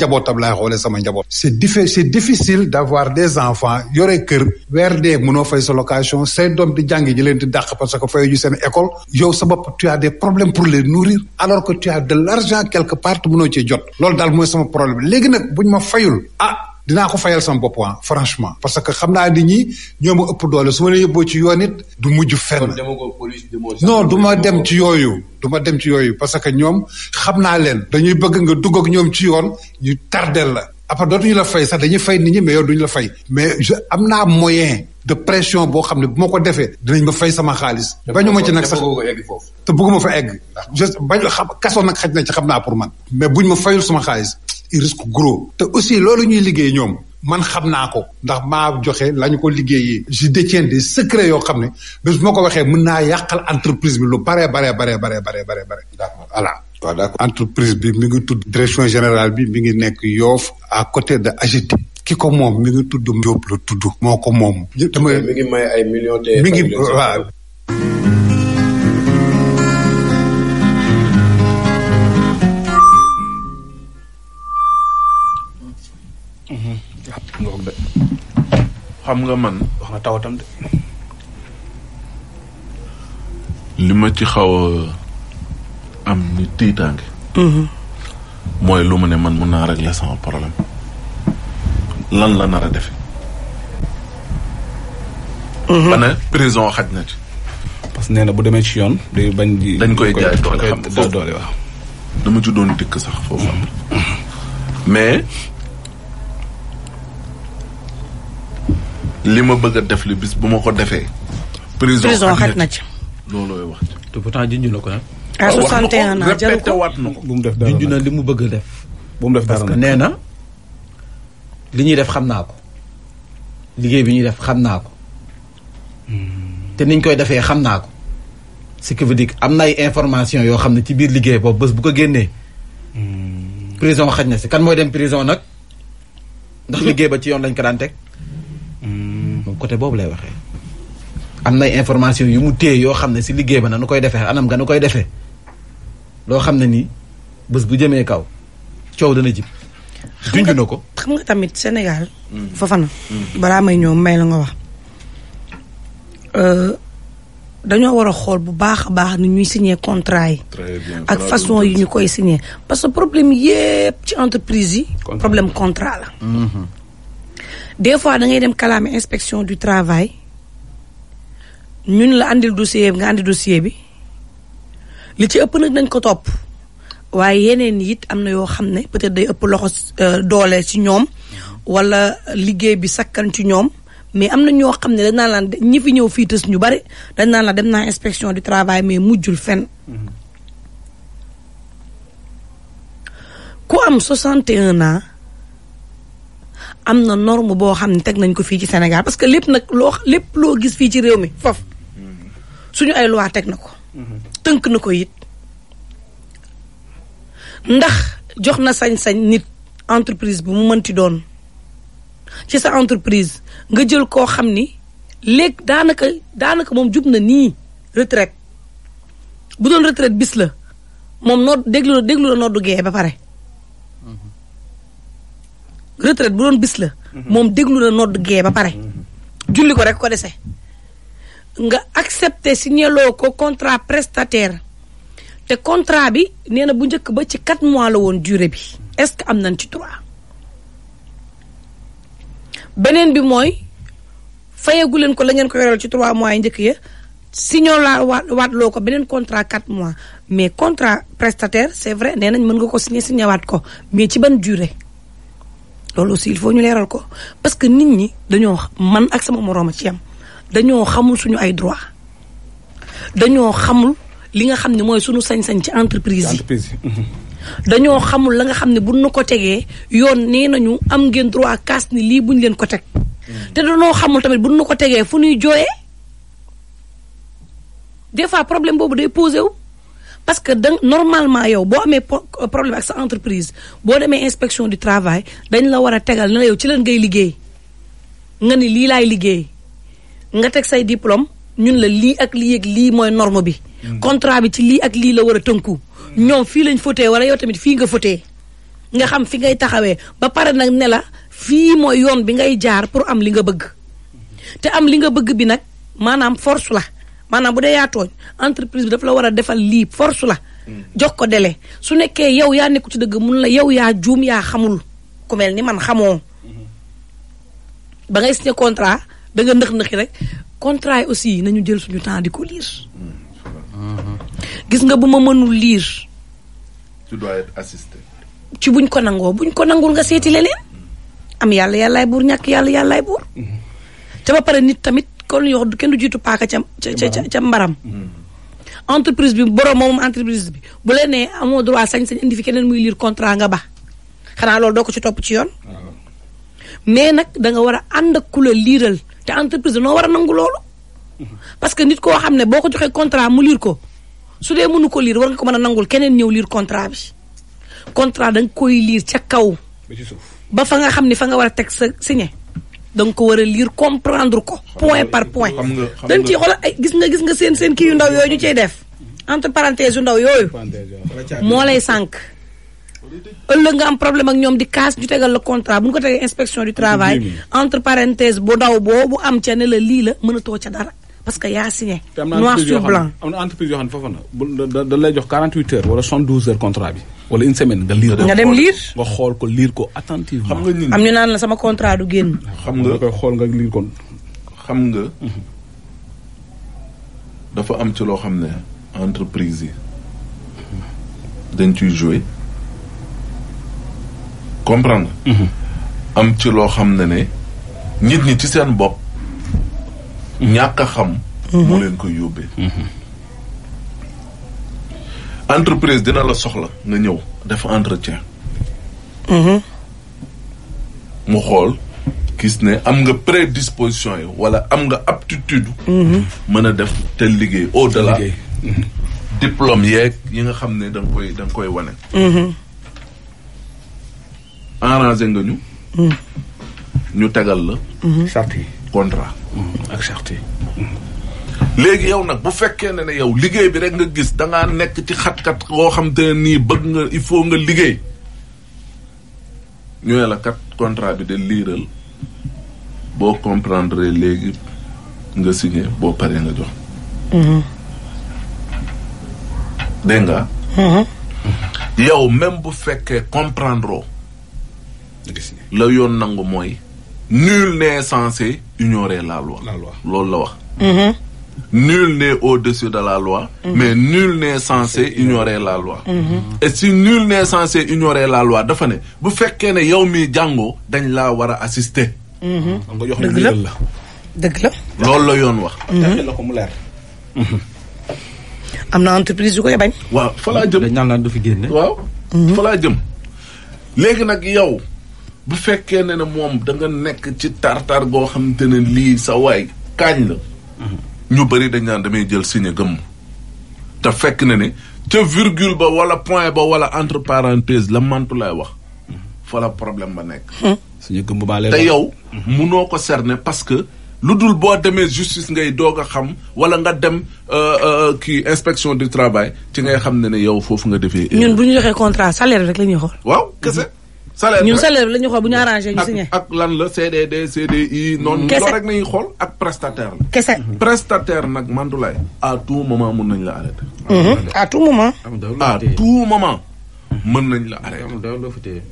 laay xoolee sama njaboot c'est diffi c'est difficile d'avoir des enfants yore kër weer dee mënoo fay sa location say doom di jàngi ji leen di dàq parce que fayuñu seen école yow sa bopp tu as des problèmes pour les nourrir alors que tu de l'argent quelque part mënoo ci jot loolu daal mooy sama problème léegi nag ma fayul ah dinaa ko fayal sama bopp ah, franchement parce que xam naa nit ñi ñoo ma ëpp doole su ma la yóbboo ci yoon it du mujj fenn non du ma dem ci yooyu du ma dem ci yooyu parce que ñoom xam naa leen dañuy bëgg nga dugg ñoom ci yoon ñu tardel la après dootuñu la fay sax dañuy fay nit ñi mais yow duñu la fay mais am naa moyen de pression boo xam ne bu ma ko defee dinañ ma fay sama xaalis. bañu ma ci nag sax te bëgguma fa egg. ndax bañu xam kaso nag xaj na ci xam naa pour man. mais buñ ma fayul sama xaalis risque gros te aussi loolu ñuy liggéey ñoom man xam naa ko ndax maa joxe la ñu ko liggéeyee je détiens des secrets yoo xam ne bés bu ma ko waxee mën naa yàqal entreprise bi lu baree baree baree bare baree bare d'accord voilà waaw d'accord entreprise bi mi ngi tudd direction général bi mi ngi nekk yoof a côté de AGETIP ki ko moom mi ngi tudd Diop la tudd moo ko moom. damay ngi may ay millions. mi ngi ngoog de xam nga man wax nga tawatam de. li ma ci xaw a am ni tiitaange. Mhm. mooy lu ma ne man mun naa régler sama problème lan la nar a defe ba mhm. ne prison xaj na ci. parce que nee na bu demee ci yoon. day bañ dañ koy jaay doole xam dama ci doon dikk sax foofu. Mhm. mais. li ma bëgg a def li bis bu ma ko defee. prison xaj na ci loolooy wax. te pourtant junj na ko ah. à 61 ans jaru na bu mu def dara junj li mu bëgg a def. bu mu def dara parce que nee na li ñuy def xam naa ko liggéey bi ñuy def xam naa ko te niñ koy defee xam naa ko. ce qui veut dire am na ay information yoo xam ne ci biir liggéey boobu bés bu ko génnee. Hmm. prison xaj na si kan mooy dem prison nag. ndax liggéey ba ci yoon lañ ko daan teg. côté boobu lay waxee. am nay information yu mu téye yoo xam ne si liggéey ba na nu koy defe anam nga nu koy defee loo xam ne nii bës bu jëmee kaw coow dana jib. junj ko xam nga tamit Sénégal. Hmm. Fofana. Hmm. balaa may ñëw may la nga wax. Euh, dañoo war a xool bu baax baax ni ñuy signé contrat yi. ak façon yi ñu koy signé parce que problème yépp ci entreprise yi. problème contrat la. Hmm. des fois da dem kalaame inspection du travail ñun la àndil dossier bi nga àndi dossier bi li ci ëpp nag nañ ko topp waaye yeneen it am na yoo xam ne peut-être day ëpp loxo euh, doole ci ñoom walla liggéey bi sakkan ci ñoom mais am na ñoo xam ne dañ naan laan ñi fi ñëw fii tës ñu bari dañ naan la dem naa inspection du travail mais mujjul fenn. Mm-hmm. ku am un ans. am na norme boo xam ne teg nañ ko fii ci Sénégal parce que lépp nag loo lépp loo gis fii ci réew mi foofu suñu ay loi teg na ko tënk na ko it ndax jox na sañ-sañ nit entreprise bu mu mënti doon ci sa entreprise nga jël koo xam ni léegi daanaka daanaka moom jub na nii retraite bu doon retraite bis la moom noo déglu la déglu la noddu gee ba pare retraite bu doon bis la. Mhm. moom déglu na nodd gee ba pare. Mhm. julli ko rek ko dese. nga accepté signéloo ko contrat prestataire te contrat bi nee na bu njëkk ba ci 4 mois la woon durée bi est-ce que am nañ ci droit beneen bi mooy fayagu leen ko la ngeen ko yoreel ci 3 mois yi njëkk ya signoo laa waat loo ko beneen contrat 4 mois mais contrat prestataire c'est vrai nee nañ mën nga ko signé signé waat ko mais ci ban durée. loolu aussi il faut ñu leeral ko parce que nit ñi dañoo man ak sama moroom a ci am dañoo xamul suñu ay droit dañoo xamul li nga xam ne mooy suñu sañ ci entreprise yi mhm. dañoo xamul la nga xam ne buñ nu ko tegee yoon nee nañu am ngeen droit kaas ni lii buñ leen ko teg mhm. te dañoo xamul tamit bu nu ko tegee fu nuy jooyee des fois problème boobu day posé wu parce que da normalement yow boo amee euh, problème ak sa entreprise boo demee inspection du travail dañ la war a tegal ne la yow ci lan ngay liggéey nga ni lii laay liggéey nga teg say diplôme ñun la lii ak lii lii mooy norme bi. Mm. contrat bi ci lii ak lii la war a tënku. Mm. ñoom fii lañ fotee wala yow tamit fii nga fotee nga xam fi ngay taxawee ba pare nag ne la fii mooy yoon bi ngay jaar pour am li nga bëgg mm-hmm. te am li nga bëgg bi nag maanaam force la. maanaam bu dee yaa tooñ entreprise bi daf la war a defal lii force la. jox ko délai su nekkee yow yaa nekku ci dëgg mun la yow yaa juum yaa xamul ku ni man xamoo. ba ngay signé contrat da nga nëx nëxi rek contrat yi aussi nañu jël suñu temps di ko lire. gis nga bu ma mënul liir tu ci buñ ko nangoo buñ ko nangul nga seeti leneen. am yàlla yàllaay buur ñàkk yàlla yàllaay buur. Mm-hmm. te ba pare nit tamit ko lu ñuy wax kenn du jiitu paaka ca ca ca mbaram. entreprise bi borom moom entreprise bi bu leen nee amoo droit sañ-sañ indi fi keneen muy liir contrat nga ba xanaa loolu doo ko ci topp ci yoon. mais nag da nga war a ànd ak ku liiral te entreprise noo war a nangu loolu. parce que nit koo xam ne boo ko joxee contrat mu liir ko su dee mënu ko liir war nga ko mën a nangul keneen ñëw liir contrat bi contrat da koy liir ca kaw. ba fa nga xam ni fa nga war a teg sa signé. da nga ko war a liir comprendre ko point par point dañ ci xoolal ay eh, gis nga gis nga seen seen kii yu ndaw yooyu ñu ciy def entre parenthèse yu ndaw yooyu moo lay sànq ëllëg nga am problème ak ñoom di kaas ñu tegal la contrat bu ñu ko tegee inspection du travail entre parenthèse bu ndaw boobu am ca ne la lii la mën a too ca dara parce que yaa signé noir sur blanc am na entreprise yoo xam ne foofu na da jox 48 heures wala 72 contrat bi wala une semaine nga liir dem liir nga xool ko liir ko attentivement. am ñu naan la sama contrat du génn. xam nga koy xool nga liir kon. xam nga. Mhm. dafa am ci loo xam ne entreprise yi dañ ci jouer comprendre. Mhm. am ci loo xam ne ne nit ñi ci seen bopp. Mhm. ñàkk a xam. moo leen koy yóbbee. entreprise dina la soxla nga ñëw def entretien. Mm-hmm. mu xool gis ne am nga prédisposition yi wala am nga aptitude. Mm-hmm. mën a def te liggéey au delà. Mm-hmm. diplôme yeeg yi nga xam ne da nga koy wane. arrangé nga ñu. Mm. ñu tagal la. charte yi contrat. léegi yow nag bu fekkee ne ne yow liggéey bi rek nga gis da nekk ci xat-xat koo xam te nii bëgg nga il faut nga liggéey ñu ne la kat contrat bi de liiral boo comprendre léegi nga signé boo paree nga jox. Mm-hmm. dégg nga. Mm-hmm. yow même bu fekkee comprendre la yoon nangu mooy. nul n'est censé ignorer la loi. loolu la wax. Mm-hmm. nul n'est au-dessus de la loi, mm -hmm. mais nul n'est censé ignorer la loi. Mhm. et si nul n'est censé ignorer la loi dafa ne bu fekkee ne yow mi jàngoo dañ laa war a assister. Mhm. nga jox la la dëgg la. loolu la yoon wax. Mhm. la ko mu leer. am na entreprise yu koy bañ. waaw fa laa jëm génne. waaw jëm. léegi nag yow bu fekkee ne ne moom da nga nekk ci tartar goo xamante ne lii sa waay kaañ la. ñu bëri dañ naan damay jël signé gëmm te fekk na ni ca virgule ba wala point ba wala entre parenthèse la mantu lay wax fa la problème ba nekk. suñu gëmm baa te yow munoo ko cerner parce que lu dul boo demee justice ngay doog a xam wala nga dem euh, euh, kii inspection du travail ci ngay xam ne ne yow foofu nga defee. ñun bu ñu joxee contrat salaire rek la ñuy xool. waaw kese. salaire ñun salaire la ñu xool bu ñu arrangé ñu signé. ak lan la CDD CDI. noonu loolu rek nañuy xool ak prestataire la. kese prestateur nag Mandoulaye. à tout moment mun nañ la arrêté. Mhm. à tout moment. tout moment mën nañ la arrêté.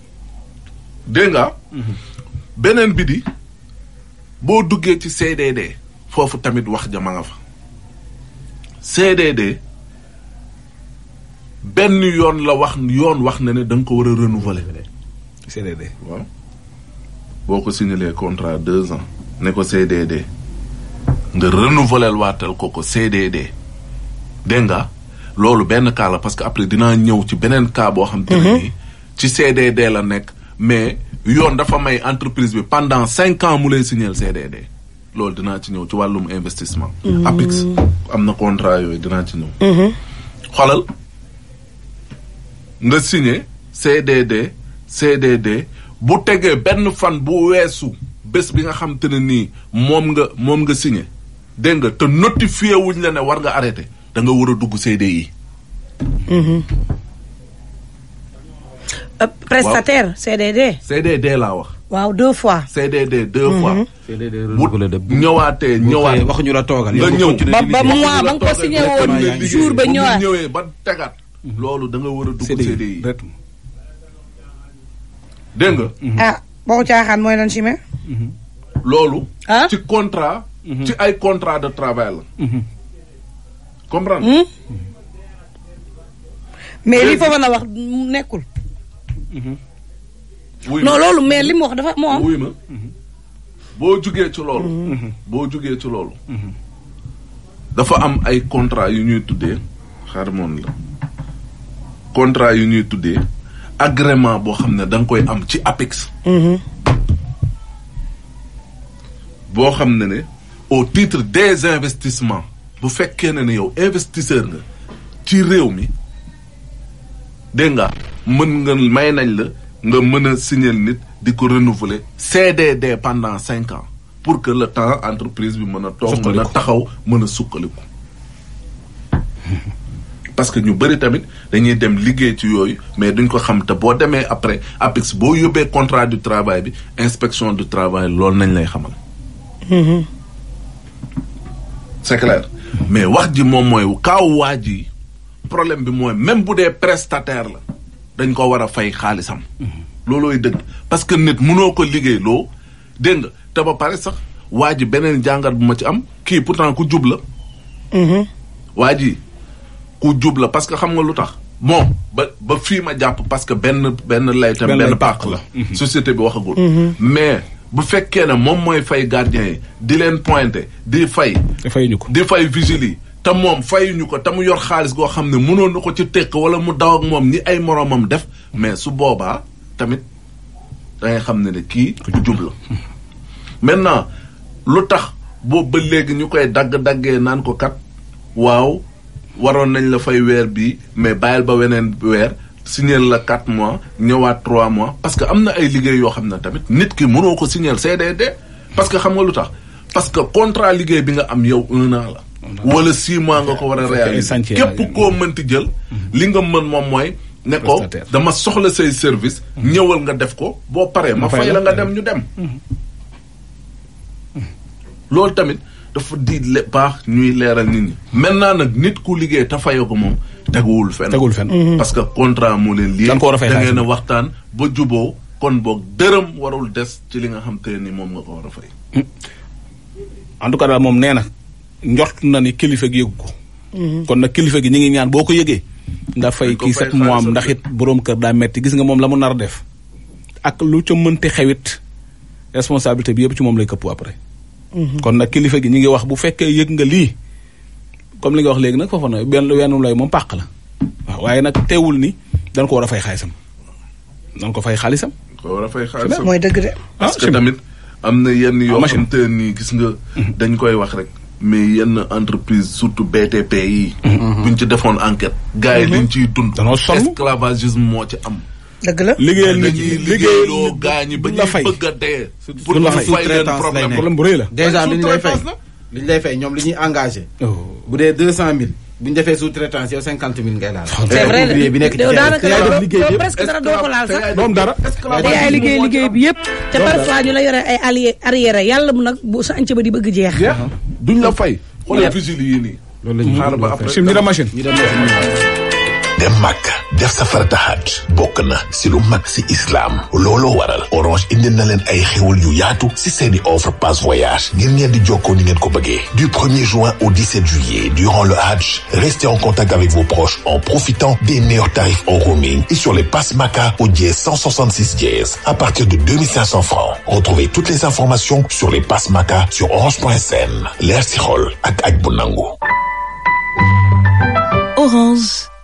dégg nga. Mhm. beneen bi di boo duggee ci CDD. foofu tamit wax ja nga fa. CDD benn yoon la wax yoon wax na ne da ko war a renouveler. CDD. boo ko signalee contrat deux ans ne ko CDD nga renouveler waatal ko ko CDD dégg nga loolu benn kaala parce que après dinaa ñëw ci beneen cas boo xam te ne mhm. nii ci CDD la nekk mais yoon dafa may entreprise bi pendant cinq ans mu lay signaler CDD loolu dinaa ci ñëw ci wàllum investissement mhm. APIX am na contrat yooyu dinaa ci ñëw mhm. xoolal nga signé CDD CDD bu tegee benn fan bu weesu bés bi nga xam te ne nii moom nga moom nga signé dégg nga te notifié wuñ la ne war nga arrêté danga war a dugg CDI. Mhm. Euh, prestataire CDD. CDD laa wax. waaw deux fois. CDD deux mhm. fois. CDD bu ñëwaatee ñëwaat waxuñu la toogal. nga ñëw ba ba mois ba nga ko signé woon jour ba ñëwaat ba ñëwee ba tegaat. Mhm. loolu da war a dugg CDI. dégg nga. Mhm. ah boo caaxaan mooy lan chimère. Mhm. loolu. ah ci contrat. Mhm. ci ay contrat de travail la. comprendre hmm? mais li foofa na wax nekkul. loolu mais li mu wax dafa moo am. wuy boo jugee ci loolu. boo jógee ci loolu. dafa am ay contrat yu ñuy tuddee xaaral la contrat yu ñuy tuddee. agrément boo xam ne da nga koy am ci appex mm-hmm. boo xam ne ne au titre des investissements bu fekkee na ne yow investisseur nga ci réew mi dégg nga mën nga may nañ la nga mën a signer nit di ko renouveler des pendant cinq ans pour que le temps entreprise bi mën a toog mën taxaw mën a sukkaliku parce que ñu bëri tamit dañuy dem liggéey ci yooyu mais duñ ko xam te boo demee après APIX boo yóbbee contrat du travail bi inspection du travail loolu nañ lay xamal. Mm-hmm. c'est clair mais wax ji moom mooy kaaw waa ji problème bi mooy même bu dee prestataire la dañ ko war a fay xaalisam. Mm-hmm. loolooy dëgg parce que nit mënoo ko liggéey loo dégg nga te ba pare sax waa ji beneen jàngat bu ma ci am kii pourtant ku jub la. Mm-hmm. waa ji ku jub la parce que xam nga lu tax moom ba ba fii ma jàpp parce que benn benn lay tam benn pàq la mhm. société bi waxagul mhm. mais bu fekkee ne moom mooy fay gardien yi di leen pointé di fay di fay vigile te moom fayuñu ko te mu yor xaalis goo xam ne mënoon na ko ci tekk wala mu daw ak moom ni ay moroomam def mais su boobaa tamit dangay xam ne ne kii ku jub la maintenant lu tax boobu ba léegi ñu koy dagg-daggee naan ko kat waaw waroon nañ la fay weer bi mais bàyyil ba weneen weer signal la quatre mois ñëwaat trois mois parce que am na ay liggéey yoo xam ne tamit nit ki mënoo ko signal CDD parce que xam nga lu tax parce que contrat liggéey bi nga am yow un an la wala six mois nga ko war a réaliser képp koo mënti jël mhm. li nga mën moom mooy ne ko dama soxla say service mhm. ñëwal nga def ko boo paree ma fay la nga dem ñu dem mhm. loolu tamit dafa di baax ñuy leeral nit ñi. maintenant nag nit ku liggéey te fayoo ko moom teguwul fenn. teguwul fenn. Mhm. parce que contrat moo leen. lii da ngeen waxtaan ba juboo kon boog dërëm warul des ci li nga xam te ni moom nga ko war hmm. daal moom nee na njort na ni kilifa gi yëgu ko. Mhm. kon nag kilifa gi ñu ngi ñaan boo ko yëgee. nga fay kii sept mois am ndax it borom kër daa metti gis nga moom la mu nar a def. ak lu ca mënti xewit responsabilité bi yëpp ci moom lay këpp après. kon nag kilifa gi ñu ngi wax bu fekkee yëg nga lii comme li nga wax léegi nag foofa na benn wenn lay moom pàq la waaw waaye nag teewul ni dañ ko war a fay xaalisam ko fay xaalisam. a fay xaalisam mooy dëgg de. Ah, parce que tamit am na yenn ah, yoo xam te ni gis nga. Mhm. dañ koy wax rek. mais yenn entreprise surtout BTP yi. Mhm. buñ ci defoon enquête. gars yi dañ mhm. ciy dund. danoo sonn esclavagisme moo ci am. dëgg la liggéeyal nit ñi liggéey loo gaañi ba ñuy bëgg fay bu rëy la. fay ñoom li ñuy engagé. Oh. bu dee deux cent mille. bu ñu defee sous-traitance yow cinquante mille ngay laal. Oh, c'est vrai de daanaka loolu presque dara doo laal liggéey bi yëpp. te parfois ñu la yore ay allié yàlla mu nag bu sa ba di bëgg jeex. duñ la fay. sim ñu dem machine. dem màkk def farata hajj bokk na si lu mag si islaam looloo waral orange indi na leen ay xewal yu yaatu si seeni offre passe voyage ngir ngeen di jokkoo ni ngeen ko du er juin au juillet durant le hajj restez en contact avec vos proches en profitant des meilleurs tarifs en roaming et sur les passes Maka au dièse à partir de 2500 francs retrouvez toutes les informations sur les passes Maka sur orange.sn leer si xol ak ak bu nangu Orange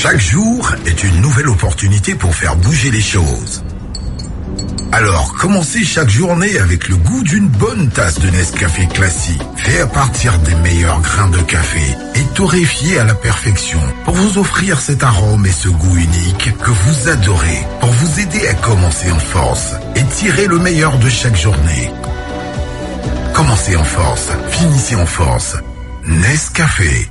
Chaque jour est une nouvelle opportunité pour faire bouger les choses. Alors, commencez chaque journée avec le goût d'une bonne tasse de Nescafé classique, fait à partir des meilleurs grains de café et torréfié à la perfection pour vous offrir cet arôme et ce goût unique que vous adorez, pour vous aider à commencer en force et tirer le meilleur de chaque journée. Commencez en force, finissez en force. Nescafé.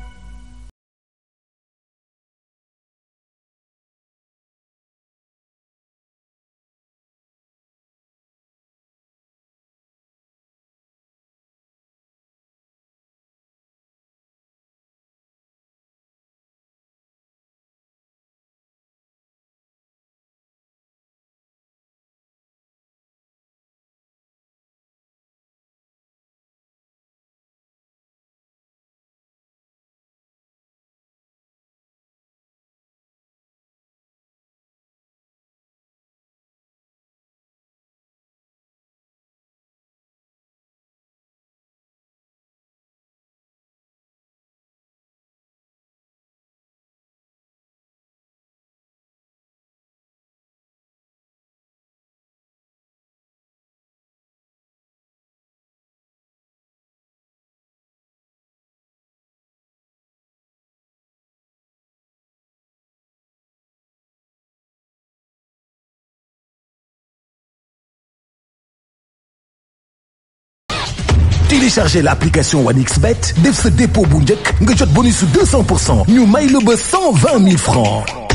téléchargez l' application 1xBet def sa dépo bu njëkk nga jot bonus su 200 pour cent ñu may la ba 120 000 francs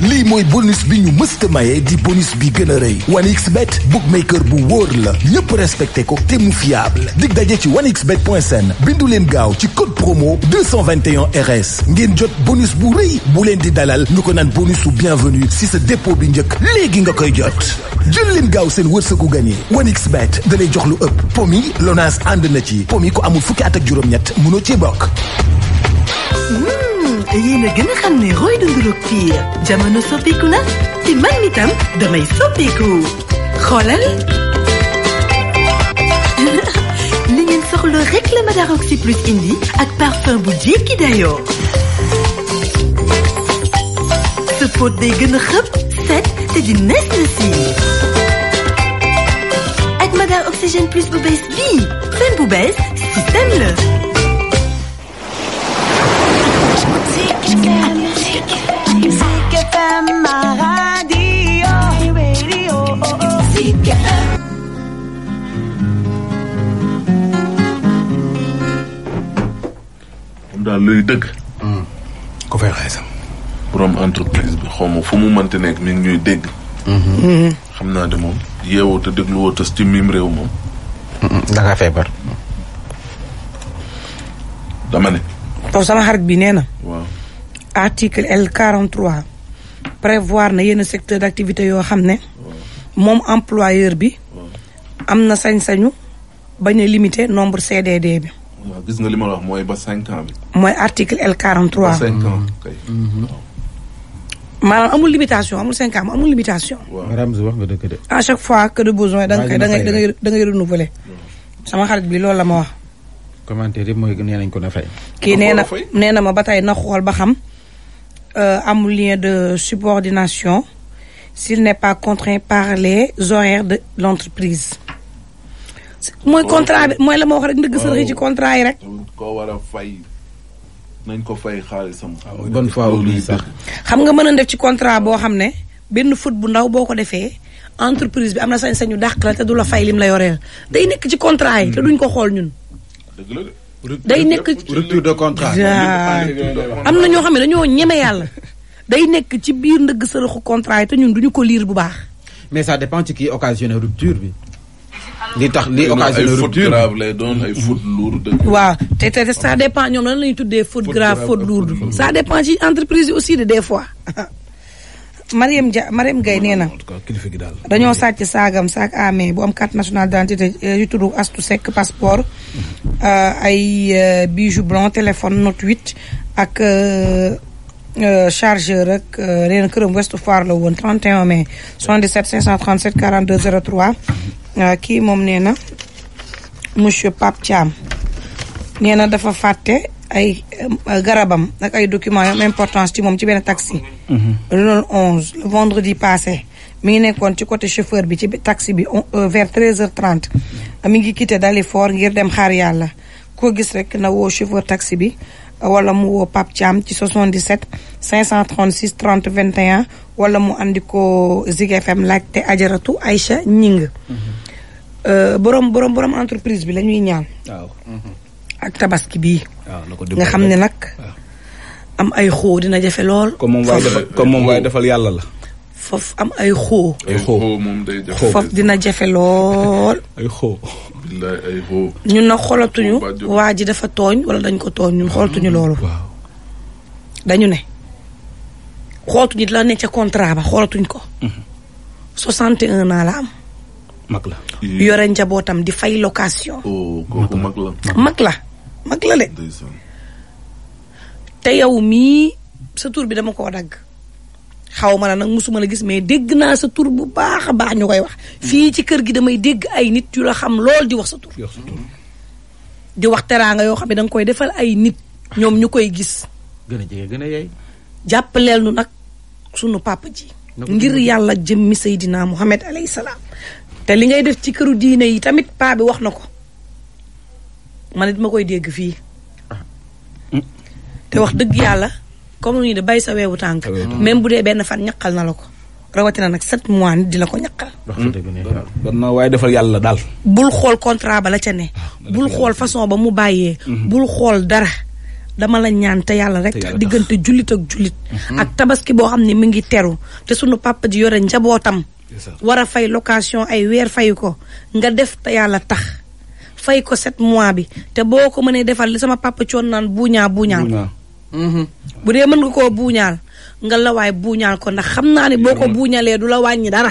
lii mooy bonus bi ñu mësta maye di bonus bi gën a rëy 1xbet bookmaker bu wóor la ñëpp respecté ko te mu fiable dig daje ci 1xbet point sn bindu leen gaaw ci code promo 221 RS ngeen jot bonus bu rëy bu leen di dalal ñu ko naan bonus su bienvenue si sa dépôt bi njëkk léegi nga koy jot jël leen gaaw seen wërsëgu gagné 1xbet da lay jox lu ëpp pomi lonaas ànd na ci pomi ko amul fukki at ak juróom-ñett mënoo ci bokk mmh. te a gën a xam ne roy dunduluk piir jamono soppiku na te man damay soppiku xoolal li ngeen soxla rek Madaroxy plus indi ak parfum bu jéggi dayoo sa fóot day gën a xëpp set te di nees si ak Madar plus bu bees bii seen bu bees système la moom daal luy dëgg. Hmm. ku fay xaysam. borom entreprise bi xaw ma fu mu mënti nekk mi ñuy dégg. Hmm. xam naa de moom yeewoo te dégluwoo tas ci miim réew moom. Hmm. da feebar. dama ne. Paw sama xarit bi nee na. article L 43 prévoir na yenn secteur d' activité yoo xam ne moom employeur bi am na sañ-sañu bañ a limiter nombre CDD bi. waaw gis li ma wax mooy ba cinq ans bi. mooy article L 43. ba cinq ans kay. Mhm. maanaam amul limitation amul cinq ans amul limitation. madame wax nga dëgg de. à chaque fois que de besoin da nga da ngay da ngay sama xarit bi loolu la ma wax. commentaire yëpp mooy nee nañ ko na kii nee na nee na ma ba tey na xool ba xam. euh, amul lien de subordination si ne pas contraint par les horaires de l'entreprise mooy oh. contra bi mooy la ma wax rek ndëgg sërëxi oh. ci contrat yi rek koo war a fay nañ ko fay xaalisam ah bonne fois xam nga mën a def ci contrat boo xam ne benn foot bu ndaw boo ko defee entreprise bi am na sañ-sañu dàq la te du la fay lim la yoreel day nekk ci contrat yi te duñ ko xool ñun day nekk rupture de contrat am na ñoo xam ne dañoo ñeme yàlla day nekk ci biir ndëgg sërëxu contrat yi te ñun duñu ko liir bu baax mais ça dépend ci kii occasionné rupture bi li tax li occasionné rupture lay doon ay faute te te ça dépend ñoom lan la ñuy tuddee faute grave faute lourde ça dépend ci entreprise aussi de des fois Mariam Dia Mariam Gueye nee na dañoo sàcc saagam saag amee bu am carte nationale d'identité euh, yu tudd Astou Seck passeport euh, ay euh, bijou blanc téléphone note 8 ak chargeur ak reen këram Ouest Foire la woon 31 mai 77 537 42 kii moom nee na monsieur Pape Thiam nee dafa fàtte ay euh, euh, garabam ak ay documents yam importance ci moom ci benn taxi. Mhm. le loolu onze le vendredi passé mi ngi nekkoon ci côté chauffeur bi ci taxi bi euh, vers treize heures trente mi ngi dali Dalifort ngir dem xaar yàlla koo gis rek na woo chauffeur taxi bi wala mu woo Pape Thiam ci 77 536 vingt 21 wala mu indi ko Zig FM laajte ajaratu Aïcha Ñing. Mhm. borom borom borom entreprise bi la ñuy ñaan. ak tabaski bii. Ah, nga xam ne nag. Ah. am ay xoo dina jafe lool. comme moom waaye defal yàlla la. foofu am ay xoo. ay dina jafe lool. ay xoo. ñun nag xolatuñu waa ji dafa tooñ wala dañ ko tooñ ñun xolatuñu loolu. dañu ne. xoolatuñu la ne ca contrat ba xoolatuñ ko. 61 mhm. ans la am. mag la. yore njabootam di fay location. Oh, kooku mag la. mag la de. te yow mii sa tur bi dama koo dagg. xaw ma na nag mosuma la gis mais dégg naa sa tur bu baax a baax ñu koy wax. fii ci kër gi damay dégg ay nit yu la xam lool di wax sa tur. di wax teraanga yoo xam ne da koy defal ay nit ñoom ñu koy gis. gën a jàppaleel nu nag sunu papa ji. ngir yàlla jëmmi Seydina Muhammad alayhi salaam. te li ngay def ci këru diine yi tamit paa bi wax na ko. man it ma koy dégg fii. Ah. Mm. te wax dëgg yàlla comme ni de bay sa weewu tànk. même bu dee benn fan ñaqal na la ko. rawatina nag sat mois nit di la ko ñaqal. wax waaye defal yàlla daal. bul xool contrat ba la ca ne. Ah, bul xool façon ba mu bàyyee. Mm-hmm. bul xool dara. dama la ñaan te yàlla rek tax diggante jullit ak jullit. Mm-hmm. ak tabaski boo xam ne mi ngi teru te sunu papa ji yore njabootam. war a fay location ay weer fayu ko nga def te yàlla tax. fay ko sept mois bi te boo ko mënee defal li sama papa coon naan buuñaa buuñaal mm-hmm. bu dee mën nga koo buuñaal nga la waay buuñaal ko ndax xam naa ne boo ko buuñalee du la wàññi dara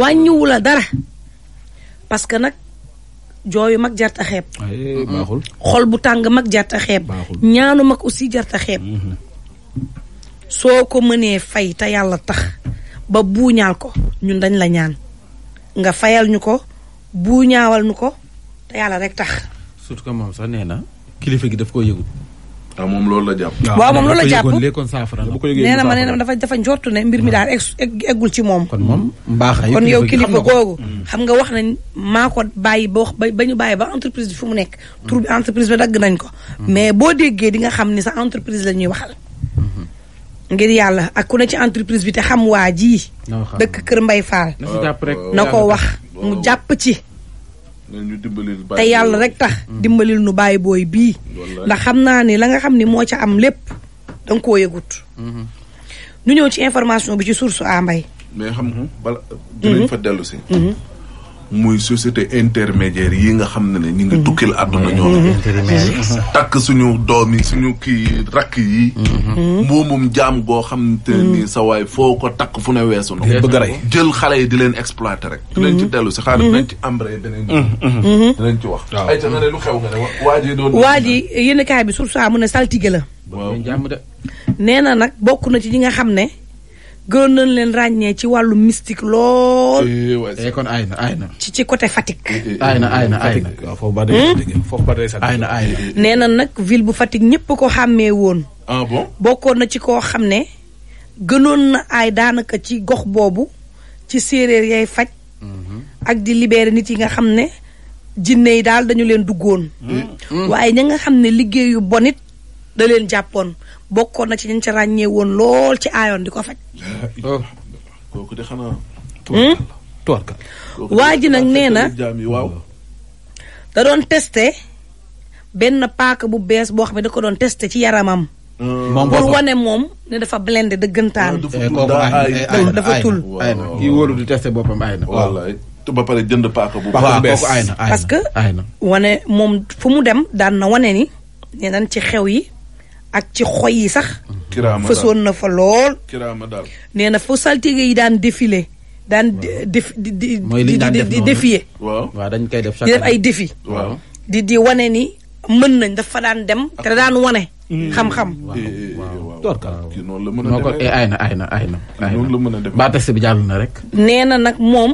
wàññiwu la dara parce que nag jooyu mag jarta xeeb xol bu tàng mag jarta xeeb ñaanu mag aussi jarta xeeb mm-hmm. soo ko mënee fay te yàlla tax ba buuñaal ko ñun dañ la ñaan nga fayal ñu ko buuñaawal ñu ko te yàlla rek tax. surtout que moom sax nee na kilifa gi daf koo yëgut. ah moom loolu la jàpp. waaw moom loolu la jàpp bu ko nee na ma dafa dafa njortu ne mbir mi ah. daal eggul ci moom. kon moom mbaaxaay kon yow kilifa googu. Mm. xam nga wax nañ maa ko bàyyi ba wax ba ñu bàyyi ba entreprise bi fu mu nekk. tur bi mm. entreprise bi dagg nañ ko. Mm. mais boo déggee di nga xam ni sa entreprise la ñuy waxal. Mm-hmm. ngir yàlla ak ku ne ci entreprise bi te xam waa ji. dëkk Kër Mbay Fall. na ko wax mu jàpp ci. te yàlla rek tax hmm. dimbalil nu bàyyi booy bii ndax xam naa ni la nga xam ni moo ca am lépp danga koo yëgut ñu hmm. ñëw ci information bi ci source a mbay mais muy société intermédiaire yi nga xam ne ne ñi ngi mhm. tukkil àdduna ñoom mhm. mhm. takk suñu doom yi suñu kii rakk yi moomum jaam goo xam te nii sa waay foo ko takk fu ne weesu na bëgg a rey jël xale yi di leen exploiter rek leen ci dellu si xaaral dinañ ci ambre beneen dinañ ci wax ay ta nga ne lu xew nga ne waa ji doon kaay bi sur saa mu ne saltige la waaw nee na nag bokk na ci ñi nga xam ne gënoon nañ leen ràññee ci wàllu mystique lool. Eh, ci ci côté Fatick. Hmm? nee na nag ville bu Fatick ñëpp ko xàmmee woon. Ah bokkoon na ci ko xam ne gënoon na ay daanaka ci gox boobu ci séeréer yay faj. Mhm. ak di libérer nit yi nga xam ne jinne yi daal dañu leen duggoon. Hmm. Hmm. waaye ña nga xam ne liggéeyu bonit da leen jàppoon. bokkoon na ci ñi ci ràññee woon lool ci aayoon di ko faj. Oh. kooku hmm? ji nag nee na. da doon teste benn paaka bu bees boo xam ne da ko doon teste ci yaramam. Hmm. moom pour wane moom ne dafa blende dëggantaan. dafa tul kii wóolu di testé boppam ay na. wallaay ba pare jënd paaka bu. bees parce que wane moom fu mu dem daan na wane ni. ne ci xew yi. ak ci xoy yi sax. kiraama fësoon na fa lool. kiraama daal nee na fa saltige yi daan défilé. daan def di di di di défier. waaw waaw dañ koy def chaque ay défi. di wane ni mën nañ dafa daan dem te daan wane. Mm. xam-xam. Eh, eh, eh, mën ay na ay na ay na. noonu ba test bi jàll na rek. nee na nag moom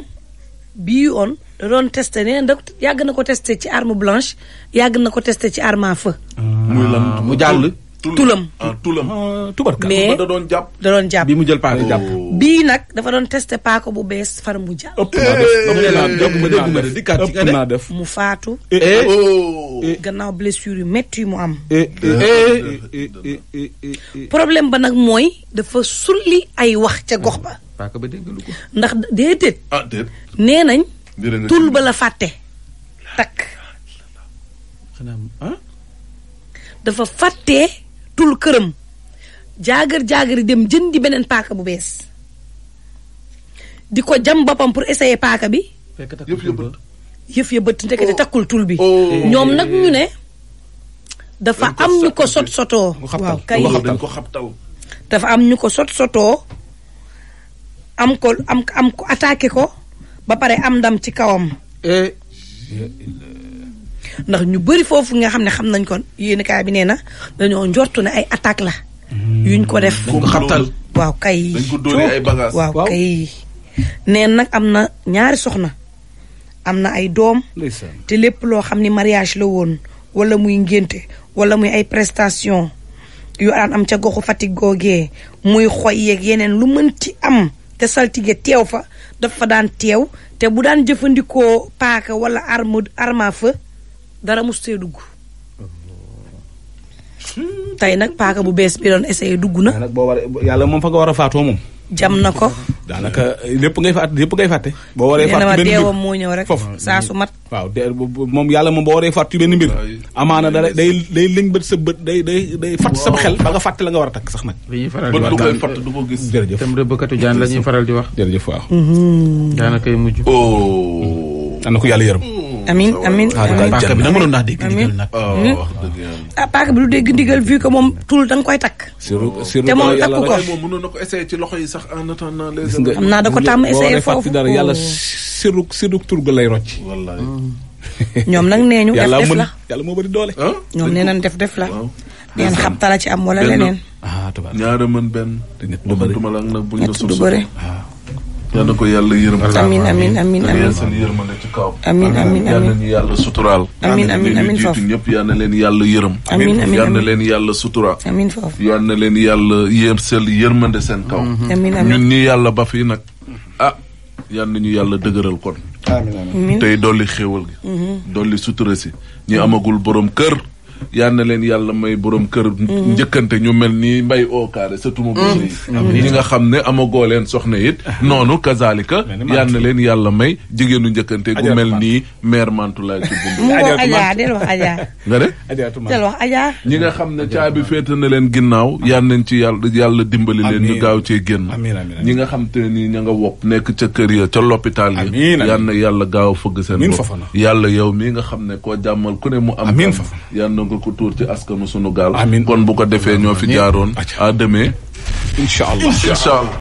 bi yoon da doon testé nee na yàgg na ko testé ci arme blanche yàgg na ko testé ci arme à ah, mu jàll. tulam tulam ah, ah, tubarka mais da doon jàpp bi mu jël paaka jàpp oh. bii nag dafa doon testé paako bu bees far mu jàpp ëpp mu faatu eh, eh. Oh. Eh. gannaaw blessure yu metti mu am problème ba nag mooy dafa sulli ay wax ca gox ba paaka ba déggalu ko ndax déedéet ah, nee nañ tul ba la fàtte takk dafa fàtte tul këram jaagar jaagar dem jëndi beneen paaka bu bees di ko jam boppam pour essayer paaka bi. yëf ya bët yëf ya bët ndekete oh. takkul tul bi. Oh. ñoom nag ñu ne. dafa am ñu ko sot sotoo. waaw kay dafa am ñu ko sot soto am ko am ko attaqué ko ba pare am ndam ci kawam. Eh. Eh, eh, ndax ñu bëri foofu nga xam ne xam nañ ko yéen kaay bi nee na dañoo njortu ne ay attaque la. Hmm. yuñ ko def. ko xabtal waaw kay. dañ ko nag am na ñaari soxna am na ay doom. te lépp loo xam ni mariage la woon wala muy ngénte wala muy ay prestation yu daan am ca goxu Fatick googee muy xoy yeneen lu mënti am te saltige teew fa dafa daan teew te bu daan jëfandikoo paaka wala arme arme à dara mus see dugg. tey nag paaka bu bees bi doon dugg na. nag boo war moom fa nga war a faatoo moom. jam na ko. daanaka lépp ngay fàtt lépp ngay fàtte. boo waree fàtt moo ñëw rek foofu saa mat. waaw de moom yàlla moom boo waree fàtt benn mbir. amaana da day day lëng bët sa bët day day day fàtt sama xel ba nga fàtte la nga war a takk sax nag. li ñuy faral di wax daal fàtt gis. jërëjëf tam la ñuy faral di wax. jërëjëf waaw. Mm-hmm. daanaka mujj. Oh. na ko yàlla yërëm. amin amin amin paaka bi nag mënoon naa dégg ndigal nag. Ah, hmm? ah paaka bi lu dégg ndigal vu que moom tuul da nga koy takk. te moom takku ko moom mënoon na ko essayé ci loxo yi sax en attendant les. xam naa da ko tàmm essayé foofu dara yàlla siruk siruk tur ga lay rocc. wallaay. Hmm. ñoom nag nee ñu def def la yàlla moo bëri doole. Ah? ñoom nee nañ def def la. neen xam tala ci am wala leneen. ah tubaab ñaara mën benn. du bëri du bëri. Ah. yal na ko yàlla yërëm. amiin amiin amiin amiin yal na yërëm ci kaw. amiin amiin yal na ñu yàlla suturaal. amiin amiin amiin foofu ñëpp yal na leen yàlla yërëm. amiin amiin yal na leen yàlla sutura. amiin foofu na leen yàlla yéem sel yërmande seen kaw. Mm-hmm. yàlla ba fii nag ah yal na ñu yàlla dëgëral kon. amiin amiin tey dolli xéewal gi. Mm-hmm. dolli sutura si ñi amagul borom kër yal na leen yàlla may boroom kër. Mm-hmm. njëkkante ñu mel ni mbay au carré surtout mu bëri ñi nga xam ne amagoo leen soxna it. Ah. noonu kazaalika. yal na leen yàlla may jigéenu njëkkante gu mel nii mère Mantoulaye Thioub. Adja del wax Adja. nga ñi nga xam ne caabi féete na leen ginnaaw yal nañ ci yàlla yàlla dimbali leen ñu gaaw cee génn. ñi nga xam te nii ña nga wopp nekk ca kër ya ca lopitaan yi. yal na yàlla gaaw fëgg seen bopp yàlla yow mii nga xam ne koo jàmmal ku ne mu am. amiin nga ko tuur ci askanu sunu gaal. amiin kon bu ko defee ñoo fi jaaroon. à demain incha allah incha allah.